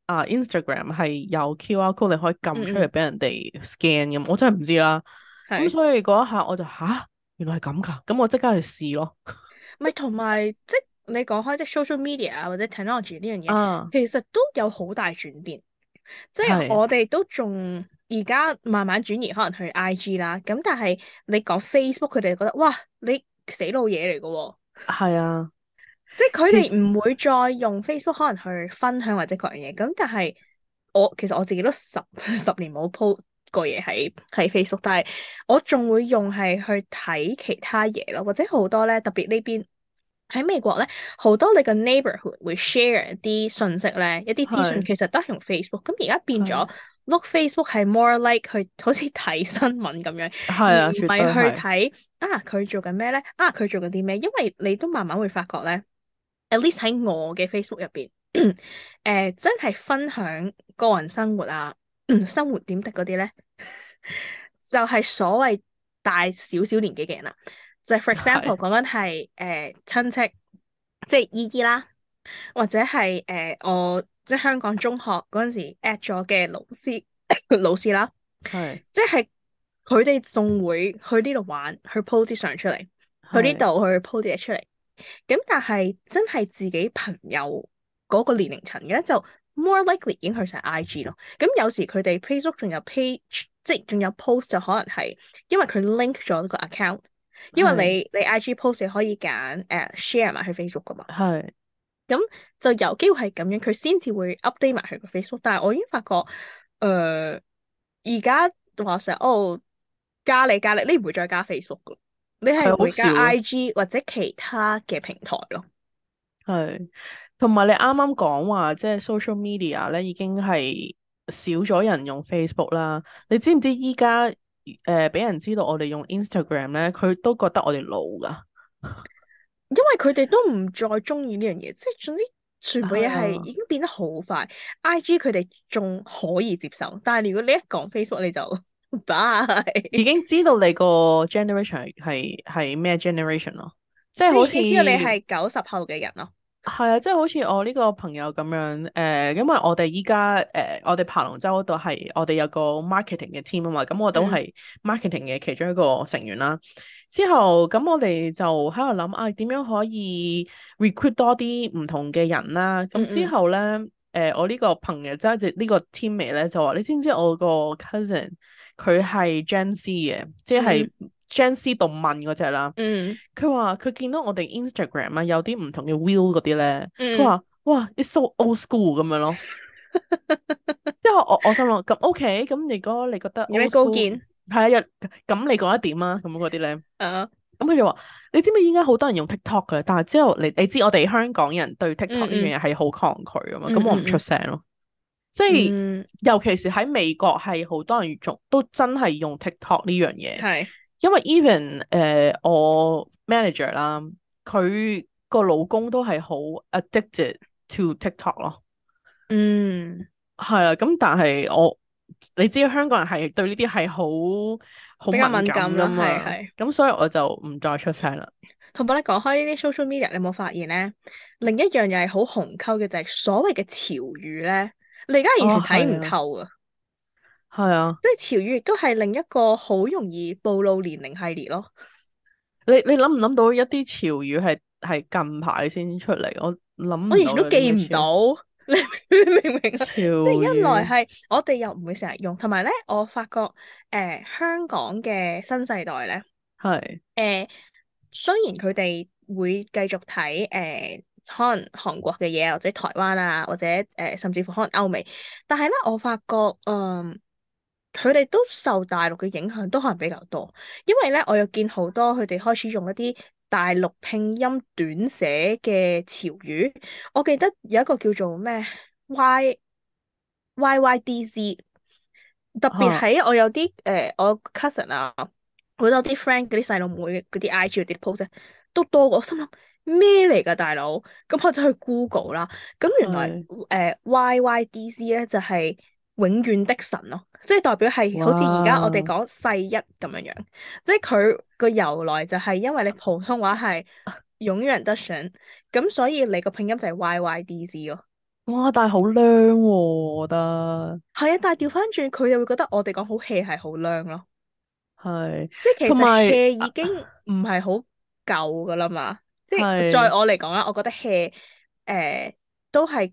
啊、uh，Instagram 係有 QR code 你可以撳出嚟俾人哋 scan 咁，嗯、我真係唔知啦。咁是的 所以嗰一下我就吓、啊，原來係咁噶，咁我即刻去試咯。咪同埋即你講開即係 social media 啊，或者 technology 呢樣嘢，啊、其實都有好大轉變。即係是的 我哋都仲而家慢慢轉移，可能去 IG 啦。咁但係你講 Facebook，佢哋覺得哇，你死老嘢嚟㗎喎。係啊。即係佢哋唔會再用 Facebook 可能去分享或者各樣嘢，咁但係我其實我自己都十十年冇 po 嘢喺喺 Facebook，但係我仲會用係去睇其他嘢咯，或者好多咧特別呢邊喺美國咧，好多你嘅 neighborhood 會 share 一啲信息咧，一啲資訊其實都係用 Facebook，咁而家的變咗 look Facebook 係 more like 去好似睇新聞咁樣，係的啊，唔係去睇啊佢做緊咩咧，啊佢做緊啲咩，因為你都慢慢會發覺咧。At least 喺我嘅 Facebook 入邊，誒、 呃、真係分享個人生活啊，生活點滴嗰啲咧，就係所謂大少少年紀嘅人啦。就係 for example 講緊係誒親戚，即係依啲啦，或者係誒、呃、我即係香港中學嗰陣時 at 咗嘅老師 老師啦，係是，即係佢哋仲會去呢度玩，去 post 相出嚟，去呢度去 post 嘢出嚟。是咁但係真係自己朋友嗰個年齡層嘅咧，就 more likely 已經去晒 IG 咯。咁有時佢哋 Facebook 仲有 page，即係仲有 post 就可能係因為佢 link 咗個 account。因為你你 IG post 你可以揀誒、uh, share 埋去 Facebook 噶嘛。係是。咁就有機會係咁樣，佢先至會 update 埋去個 Facebook。但係我已經發覺誒，而家話成日哦，加你加你，你唔會再加 Facebook 噶。你係會加 IG 或者其他嘅平台咯，係同埋你啱啱講話，即係 social media 咧已經係少咗人用 Facebook 啦。你知唔知依家誒俾人知道我哋用 Instagram 咧，佢都覺得我哋老㗎， 因為佢哋都唔再中意呢樣嘢。即係總之全部嘢係已經變得好快。啊、IG 佢哋仲可以接受，但係如果你一講 Facebook 你就～bye，已經知道你個 generation 係係咩 generation 咯，即係好似知道你係九十後嘅人咯。係啊，即係好似我呢個朋友咁樣誒、呃，因為我哋依家誒，我哋爬龍舟嗰度係我哋有個 marketing 嘅 team 啊嘛，咁我都係 marketing 嘅其中一個成員啦。嗯、之後咁我哋就喺度諗啊，點樣可以 recruit 多啲唔同嘅人啦。咁之後咧誒、呃，我呢個朋友即係、這個、呢個 teammate 咧，就話你知唔知我個 cousin？佢係 Gen Z 嘅，即係 Gen Z 度問嗰隻啦。佢話佢見到我哋 Instagram 啊，有啲唔同嘅 view 嗰啲咧。佢話：哇，It's so old school 咁樣咯。即係 我我心諗咁 OK，咁如果你覺得 old school, 有咩高見？係啊，咁你講得點啊，咁嗰啲咧。咁、uh. 佢就話：你知唔知依家好多人用 TikTok 嘅？但係之後你你知我哋香港人對 TikTok 呢樣嘢係好抗拒㗎嘛。咁、嗯嗯、我唔出聲咯。即係，嗯、尤其是喺美國，係好多人仲都真係用 TikTok 呢樣嘢。係是因為 even 誒、呃、我 manager 啦，佢個老公都係好 addicted to TikTok 咯。嗯，係啦。咁但係我你知道香港人係對呢啲係好好敏感㗎嘛，係咁所以我就唔再出聲啦。同埋你講開呢啲 social media，你有冇發現咧？另一樣又係好紅溝嘅就係、是、所謂嘅潮語咧。你而家完全睇唔透、哦、啊！係啊，即係潮語亦都係另一個好容易暴露年齡系列咯。你你諗唔諗到一啲潮語係係近排先出嚟？我諗我完全都記唔到語，你明唔明、啊、語即係一來係我哋又唔會成日用，同埋咧，我發覺誒、呃，香港嘅新世代咧係誒，雖然佢哋會繼續睇誒。呃可能韓國嘅嘢，或者台灣啊，或者誒、呃，甚至乎可能歐美，但係咧，我發覺嗯，佢、呃、哋都受大陸嘅影響，都可能比較多。因為咧，我又見好多佢哋開始用一啲大陸拼音短寫嘅潮語。我記得有一個叫做咩，Y Y Y D Z，特別喺我有啲誒、啊呃，我 cousin 啊，或者啲 friend 啲細路妹啲 IG 嘅 post 都多過我心諗。咩嚟噶，大佬？咁或者去 Google 啦。咁原來誒 YYDC 咧就係、是、永遠的神咯，即係代表係好似而家我哋講世一咁樣樣。哇即係佢個由來就係因為你普通話係永遠的神，咁所以你個拼音就係 YYDC 咯。哇！但係好娘喎，我覺得。係啊，但係調翻轉佢又會覺得我哋講好 hea 係好娘咯。係是。即係其實 hea 已經唔係好舊噶啦嘛。即係在是我嚟講啦，我覺得戲誒、呃、都係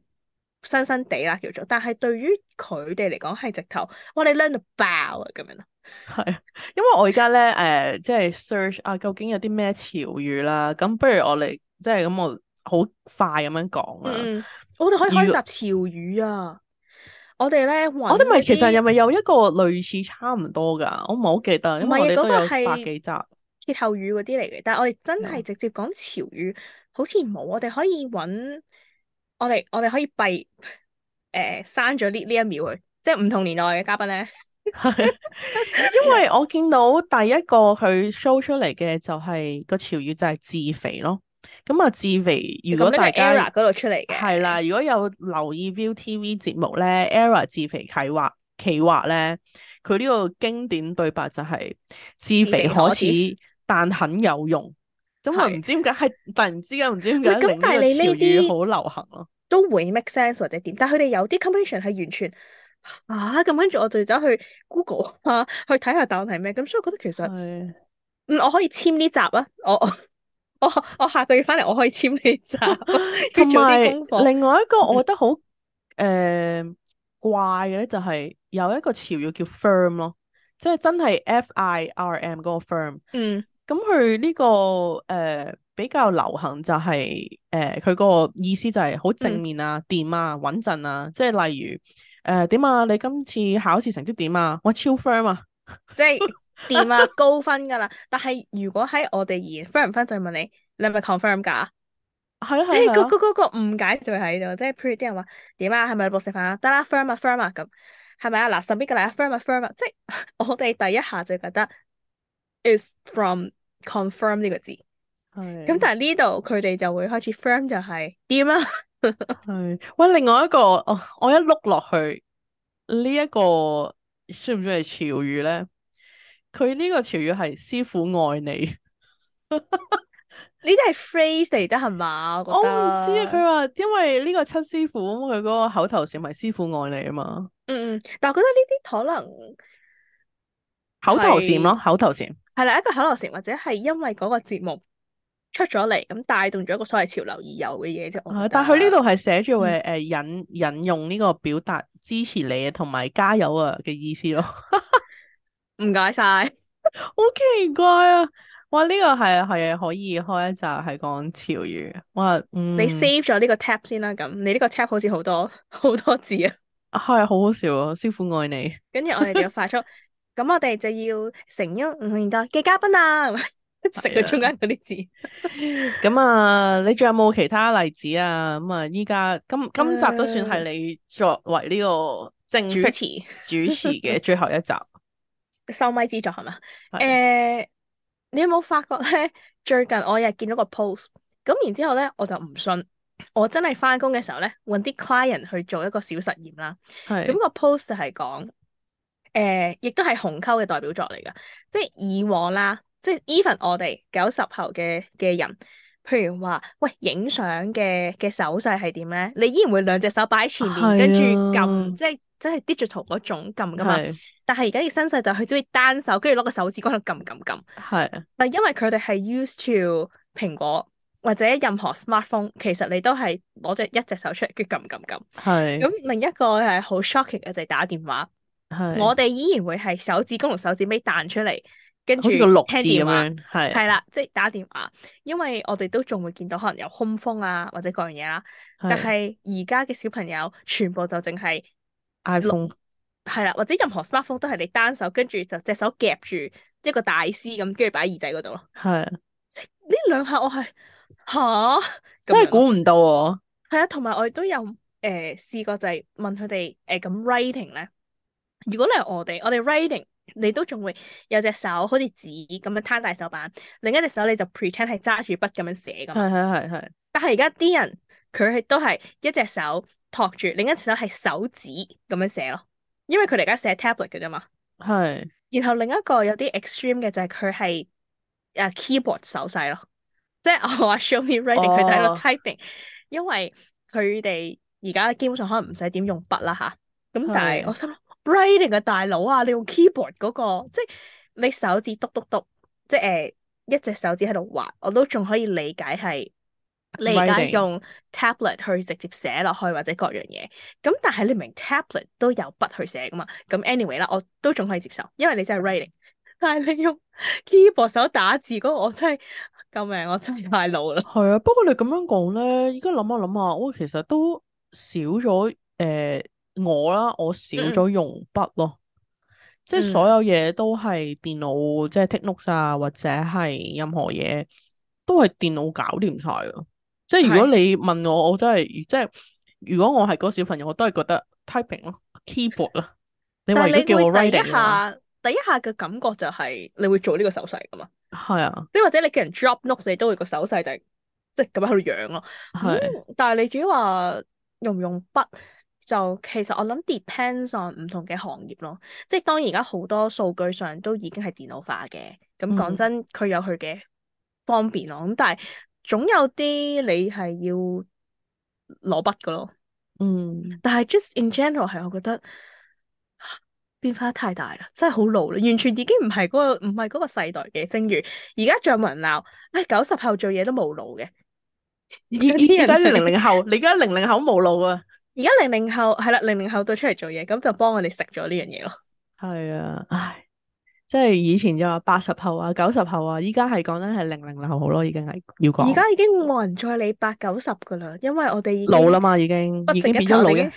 新新地啦叫做，但係對於佢哋嚟講係直頭，哇你 learn 到爆啊咁樣咯。係，因為我而家咧誒，即係、 呃就是、search 啊，究竟有啲咩潮語啦？咁不如我哋即係咁、嗯，我好快咁樣講啊、嗯！我哋可以開集潮語啊！以我哋咧，我哋咪其實又咪有一個類似差唔多噶，我唔係好記得，因為我哋都有百幾集。歇後語嗰啲嚟嘅，但係我哋真係直接講潮語，嗯、好似冇我哋可以揾，我哋我哋可以閉，誒刪咗呢呢一秒去，即係唔同年代嘅嘉賓咧。 因為我見到第一個佢 show 出嚟嘅就係、是那個潮語就係自肥咯，咁啊自肥如果大家嗰度、ERROR、出嚟嘅係啦，如果有留意 ViuTV 節目咧、嗯，ERROR 自肥企劃企劃咧，佢呢個經典對白就係、是、自肥可恥。但很有用，咁我唔知點解，係的突然之間唔知點解咁。但係你呢啲好流行咯，都會 make sense 或者點，但係佢哋有啲 c o m m i s s i o n 係完全啊，咁，跟住我哋走去 Google 啊，去睇下答案係咩咁。所以我覺得其實，的嗯，我可以簽呢集啊，我我我下個月翻嚟，我可以簽呢集。同埋 另外一個我覺得好誒、嗯呃、怪嘅咧，就係有一個潮語叫 firm 咯，即係真係 f i r m 嗰個 firm，嗯。咁佢呢個誒、呃、比較流行就係誒佢個意思就係好正面啊掂啊穩陣啊即係例如誒點啊你今次考試成績點啊我超 firm 啊即係掂啊高分噶啦但係如果喺我哋而言，firm 唔 firm 就問你你係咪 confirm 噶係咯即係嗰嗰嗰個誤解就喺度即係譬如啲人話點啊係咪你冇食飯啊得啦 firm 啊 firm 啊咁係咪啊嗱身邊個男 firm 啊 firm 啊即係我哋第一下就覺得。呃 is from confirm 呢個字，係咁，但係呢度佢哋就會開始 firm 就係點啊，係行嗎 喂，另外一個我我一碌落去呢一個、這個，算唔算係潮語咧？佢呢個潮語係師傅愛你，呢 啲係 phrase 嚟啫，係嘛？我唔知啊，佢話因為呢個七師傅佢嗰個口頭禪係師傅愛你啊嘛，嗯嗯，但係我覺得呢啲可能口頭禪咯，口頭禪。係啦，一個巧合事，或者係因為嗰個節目出咗嚟，咁帶動咗一個所謂潮流而有嘅嘢啫。但係佢呢度係寫住嘅，誒、嗯、引引用呢個表達支持你啊，同埋加油啊嘅意思咯。唔該晒， 好奇怪啊！哇，呢、這個係係可以開一集係講潮語。哇，嗯、你 save 咗呢個 t a p 先啦，咁你呢個 t a p 好似好多好多字啊。係、啊，好好笑啊！師傅愛你。跟 住我哋就快速。咁我哋就要成一唔同年代嘅嘉賓啊，食個 中間嗰啲字。咁 啊，你仲有冇其他例子啊？咁啊，依家今今集都算係你作為呢個正式主持主持嘅最後一集。 收米之作係咪？誒，的 uh, 你有冇發覺咧？最近我又見到個 post，咁然後之後咧，我就唔信，我真係返工嘅時候咧，搵啲 client 去做一個小實驗啦。咁的個 post 就係講。誒，亦都係鴻溝嘅代表作嚟噶，即係以往啦，即係 even 我哋九十後嘅嘅人，譬如話喂，影相嘅嘅手勢係點咧？你依然會兩隻手擺喺前面，跟住撳，即係即係 digital 嗰種撳噶嘛。是但係而家嘅新世代佢只會單手，跟住攞個手指喺度撳撳撳。係嗱是，但因為佢哋係 used to 蘋果或者任何 smartphone，其實你都係攞隻一隻手出嚟跟住撳撳撳。係咁，是另一個係好 shocking 嘅就係、是、打電話。是我哋依然會係手指公同手指尾彈出嚟，跟住聽電話係係啦，即係、就是、打電話。因為我哋都仲會見到可能有空風啊，或者各樣嘢啦。是但係而家嘅小朋友全部就淨係 iPhone 係啦，或者任何 smartphone 都係你單手跟住就隻手夾住一個大 C 咁，跟住擺喺耳仔嗰度咯。係即呢兩下我係吓真係估唔到喎，係啊。同埋我哋都有誒試、呃、過就，就係問佢哋誒咁 writing 咧。如果你係我哋，我哋 writing 你都仲會有隻手好似紙咁樣攤大手板，另一隻手你就 pretend 係揸住筆咁樣寫咁。係係係係。但係而家啲人佢亦都係一隻手托住，另一隻手係手指咁樣寫咯，因為佢哋而家寫 tablet 嘅啫嘛。係是。然後另一個有啲 extreme 嘅就係佢係誒 keyboard 手勢咯，即係我話 show me writing 佢、哦、就喺度 typing，因為佢哋而家基本上可能唔使點用筆啦吓。咁、啊、但係我心。writing 嘅、啊、大佬啊，你用 keyboard 嗰、那個，即係你手指篤篤篤，即係誒、呃、一隻手指喺度滑。我都仲可以理解係，Writing. 理解用 tablet 去直接寫落去或者各樣嘢。咁但係你明，tablet 都有筆去寫噶嘛？咁 anyway 啦，我都仲可以接受，因為你真係 writing，但係你用 keyboard 手打字嗰、那個，我真係救命，我真係太老啦。係啊，不過你咁樣講咧，而家諗下諗下，我其實都少咗誒。欸我啦，我少咗用筆咯、嗯，即係所有嘢都係電腦，即係 take notes 啊，或者係任何嘢都係電腦搞掂晒咯。即係如果你問我，的我真係即係如果我係嗰個小朋友，我都係覺得 typing 咯，keyboard 啦，但 你係你叫我 writing 下，第一下嘅感覺就係你會做呢個手勢噶嘛？係啊的，即係或者你叫人 drop notes，你都會個手勢就係即係咁喺度養咯。係的、嗯，但係你自己話用唔用筆？就其實我諗 depends on 唔同嘅行業咯，即係當而家好多數據上都已經係電腦化嘅，咁講真佢、嗯、有佢嘅方便咯，咁但係總有啲你係要攞筆嘅咯。嗯，但係 just in general 係我覺得、啊、變化太大啦，真係好老啦，完全已經唔係嗰個唔係嗰個世代嘅。正如而家仲有人鬧，誒九十後做嘢都冇腦嘅，而家依家零零後，你而家零零後冇腦啊！而家零零後係啦，零零後到出嚟做嘢，咁就幫我哋食咗呢樣嘢咯。係啊，唉，即係以前就話八十後啊、九十後啊，依家係講緊係零零後好咯，已經係要講。而家已經冇人再理八九十噶啦，因為我哋老啦嘛，已經不已經變咗已經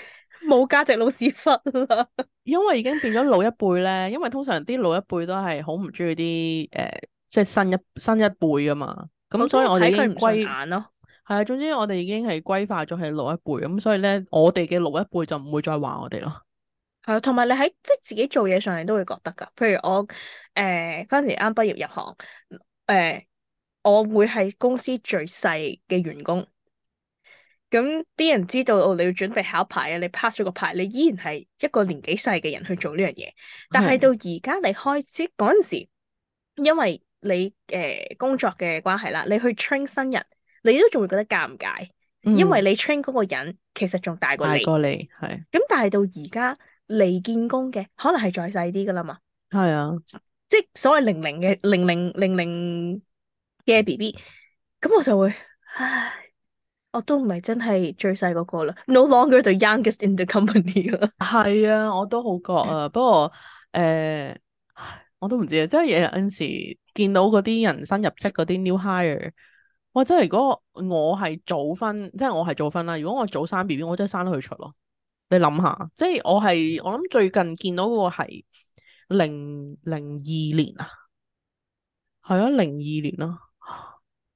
冇價值老屎忽啦。 因為已經變咗老一輩咧，因為通常啲老一輩都係好唔中意啲誒，即、呃、係、就是、新一新一輩噶嘛。咁所以我哋睇佢唔順眼咯。係啊，總之我哋已經係規劃咗係老一輩，咁所以咧，我哋嘅老一輩就唔會再話我哋咯。係啊，同埋你喺即係自己做嘢上你都會覺得噶。譬如我誒嗰陣時啱畢業入行，誒、呃、我會係公司最細嘅員工。咁啲人知道，哦、你要準備考牌啊，你 pass 咗個牌，你依然係一個年紀細嘅人去做呢樣嘢。但係到而家你開始嗰陣時，因為你誒、呃、工作嘅關係啦，你去 train 新人，你都仲會覺得尷尬，嗯、因為你 train 嗰個人其實仲大過你，大過你係。咁但係到而家嚟見工嘅可能係再細啲㗎喇嘛。係啊，即係所謂零零嘅零零零零嘅 BB，咁我就會，唉我都唔係真係最細嗰個喇。No longer the youngest in the company 啦。係 啊，我都好覺啊。不過誒、呃，我都唔知啊。即係有陣時見到嗰啲人生入職嗰啲 new hire。我真係如果我係早婚，即係我係早婚啦。如果我早生 BB，我真係生得佢出咯。你諗下，即係我係我諗最近見到個係零零二年啊，係啊，零二年咯，啊。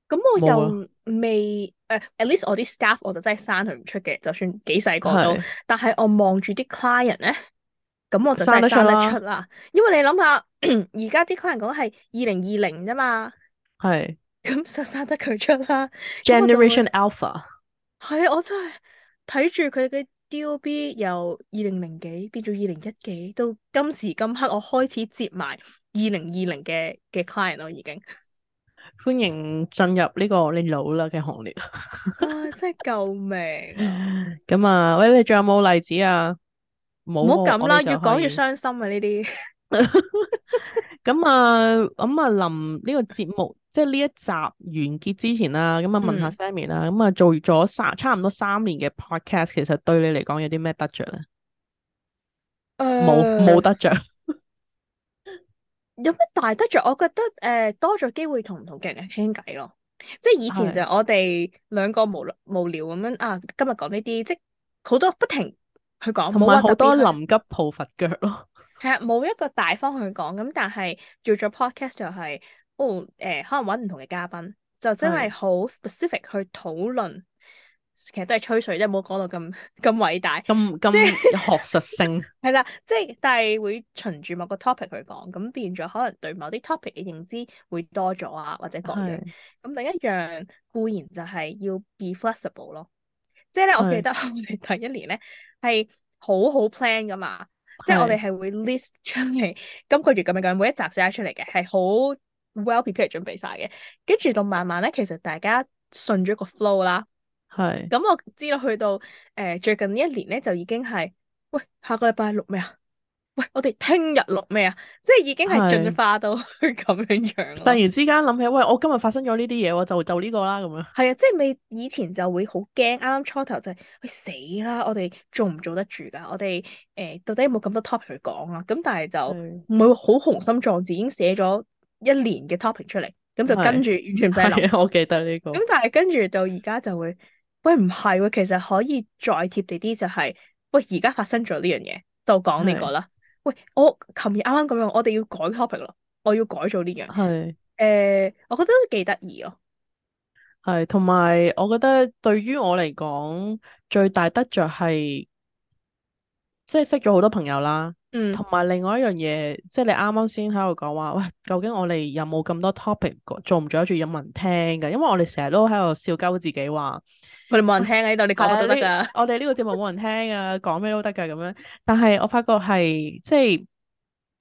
咁我又未誒，at least 我啲 staff 我就真係生佢唔出嘅，就算幾細個都。但係我望住啲 client 咧，咁我就真係生得出啦。出因為你諗下，而家啲 client 講係二零二零啫嘛，係。咁 Generation 實生得佢出啦。Generation Alpha 係我真係睇住佢嘅 DOB 由二零零幾變咗二零一幾，到今時今刻，我開始接埋二零二零嘅嘅 client 咯，cl 已經歡迎進入呢個你老喇嘅行列 啊！真係救命，啊！咁啊， 喂，你仲有冇例子啊？冇，唔好咁啦，就是，越講越傷心啊！呢啲。 咁啊，咁啊，臨呢個節目，即係呢一集完結之前啦，咁啊、嗯，問下 Sammy 啦，咁啊，做咗三差唔多三年嘅 podcast，其實對你嚟講有啲咩得着咧？誒、呃，冇冇得着？有咩大得着？我覺得誒、呃，多咗機會同唔同嘅人傾偈咯。即係以前就我哋兩個無聊無聊咁樣啊，今日講呢啲，即係好多不停去講，同埋好多臨急抱佛腳咯。係啊，冇一個大方去講，咁但係做咗 podcast 就係、是，哦，誒、呃，可能揾唔同嘅嘉賓，就真係好 specific 去討論，是其實都係吹水，即係冇講到咁咁偉大，咁咁學術性。係啦， 即係但係會循住某個 topic 去講，咁變咗可能對某啲 topic 嘅認知會多咗啊，或者各樣。咁是另一樣固然就係要 be flexible 咯，即係咧，我記得我哋第一年咧係好好 plan 噶嘛。 即係我哋係會 list 出嚟，今個月咁樣咁樣，每一集寫出嚟嘅，係好 well prepared 準備晒嘅，跟住到慢慢咧，其實大家順咗個 flow 啦。係。咁 我知道去到誒、呃、最近呢一年咧，就已經係，喂，下個禮拜六咩啊？喂，我哋聽日錄咩啊？即係已經係進化到咁樣樣。突然之間諗起，喂，我今日發生咗呢啲嘢，就就呢個啦，咁樣。係啊，即係咪以前就會好驚，啱啱初頭就係、是，喂死啦！我哋做唔做得住噶？我哋誒、呃、到底有冇咁多 topic 去講啊？咁但係就唔會好雄心壯志，已經寫咗一年嘅 topic 出嚟，咁就跟住完全唔使諗。我記得呢、這個。咁但係跟住到而家就會，喂，唔係喎，其實可以再貼地啲，就係喂而家發生咗呢樣嘢，就講呢個啦。喂，我琴日啱啱咁樣，我哋要改 topic 咯，我要改做呢樣。係，誒，我覺得都幾得意咯。係，同埋我覺得對於我嚟講最大得着係即係識咗好多朋友啦。嗯，同埋另外一樣嘢，即係你啱啱先喺度講話，喂，究竟我哋有冇咁多 topic 做唔做得住有人聽噶？因為我哋成日都喺度笑鳩自己話。佢哋冇人聽喺度，啊、你講都得噶。我哋呢個節目冇人聽啊，講咩 都得噶咁樣。但係我發覺係即係，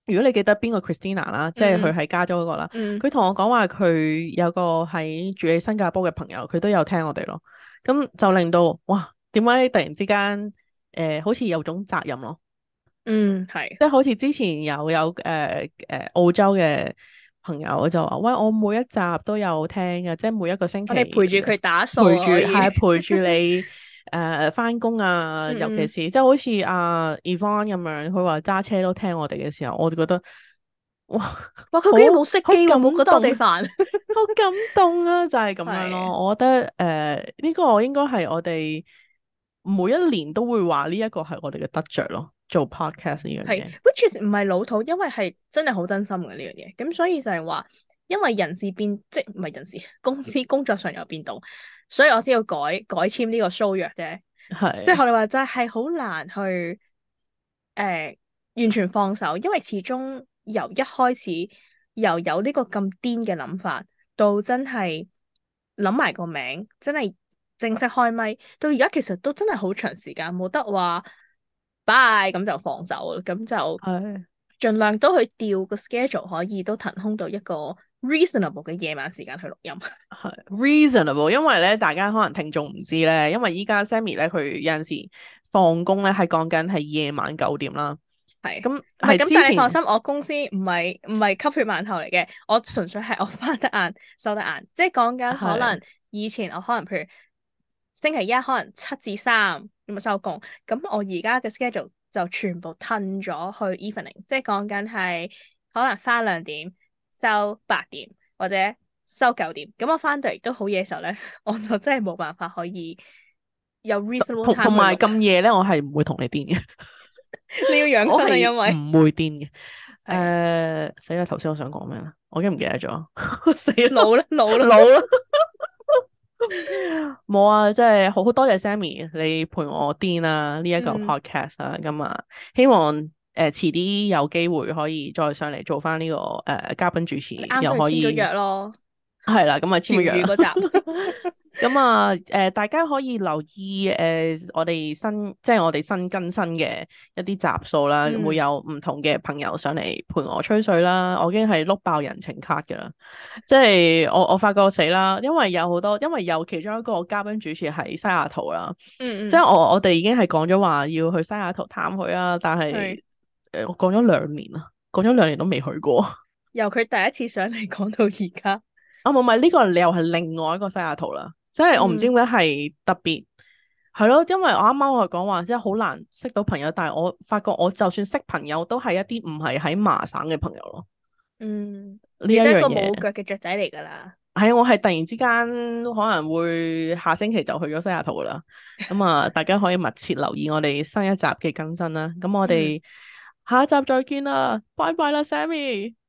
如果你記得邊個 Christina 啦、嗯，即係佢喺加州嗰、嗰個啦，佢同、嗯、我講話佢有個喺住喺新加坡嘅朋友，佢都有聽我哋咯。咁就令到哇，點解突然之間誒、呃，好似有種責任咯？嗯，係即係好似之前有有誒誒、呃呃、澳洲嘅。朋友就話：喂，我每一集都有聽嘅，即係每一個星期。你陪住佢打掃，陪住係陪住你誒，翻工、 呃、啊，尤其是即係、嗯嗯、好似阿 Evan 咁樣，佢話揸車都聽我哋嘅時候，我就覺得哇哇，佢竟然冇熄機，我冇覺得我哋煩， 好感動啊！就係、是、咁樣咯、啊。的我覺得誒，呢、呃這個應該我應該係我哋每一年都會話呢一個係我哋嘅得着咯。做 podcast 呢樣嘢係，which is 唔係是老土，因為係真係好真心嘅呢樣嘢。咁所以就係話，因為人事變，即係唔係人事，公司工作上有變動，所以我先要改改簽呢個 show 約啫。係是，即係學你話齋就係、是、好難去誒、呃、完全放手，因為始終由一開始由有呢個咁癲嘅諗法，到真係諗埋個名，真係正式開咪，到而家其實都真係好長時間冇得話。Bye 咁就放手，咁就盡量都去調個 schedule，可以都騰空到一個 reasonable 嘅夜晚時間去錄音。係 reasonable，因為咧大家可能聽眾唔知咧，因為依家 Sammy 咧佢有陣時放工咧係講緊係夜晚九點啦。係咁是，係咁那，但係放心，我公司唔係唔係吸血饅頭嚟嘅，我純粹係我返得晏，收得晏，即係講緊可能以前我可能譬如星期一可能七至三。3。咁收工，咁我而家嘅 schedule 就全部褪咗去 evening，即係講緊係可能返兩點收八點或者收九點。咁我返到嚟都好夜嘅時候咧，我就真係冇辦法可以有 reasonable time。同埋咁夜咧，我係唔會同你癲嘅。 你要養生啊，因為唔會癲嘅。誒 是，死啦，uh，頭先我想講咩啊？我已經唔記得咗。死 了老啦，老啦，老啦。冇 啊，即係好好多謝 Sammy，你陪我癲啦呢一個 podcast 啊，咁、這個、啊，嗯、希望誒遲啲有機會可以再上嚟做返呢、這個誒、呃、嘉賓主持，嗯、又可以約咯。係啦，咁 啊，千羽嗰集，咁啊，誒，大家可以留意誒、呃，我哋新即係我哋新更新嘅一啲集數啦，嗯、會有唔同嘅朋友上嚟陪我吹水啦，我已經係碌爆人情卡噶啦，即係我我發覺死啦，因為有好多，因為有其中一個嘉賓主持喺西雅圖啦，嗯，嗯即係我我哋已經係講咗話要去西雅圖探佢啦。但係誒是、呃，我講咗兩年啦，講咗兩年都未去過，由佢第一次上嚟講到而家。啊，冇咪呢個你又係另外一個西雅圖啦，即係我唔知點解係特別係咯、嗯，因為我啱啱我講話即係好難識到朋友，但係我發覺我就算識朋友都係一啲唔係喺麻省嘅朋友咯。嗯，你係一個冇腳嘅雀仔嚟噶啦。係啊，我係突然之間可能會下星期就去咗西雅圖啦。咁啊、 嗯，大家可以密切留意我哋新一集嘅更新啦。咁我哋下一集再見啦，拜拜啦，Sammy。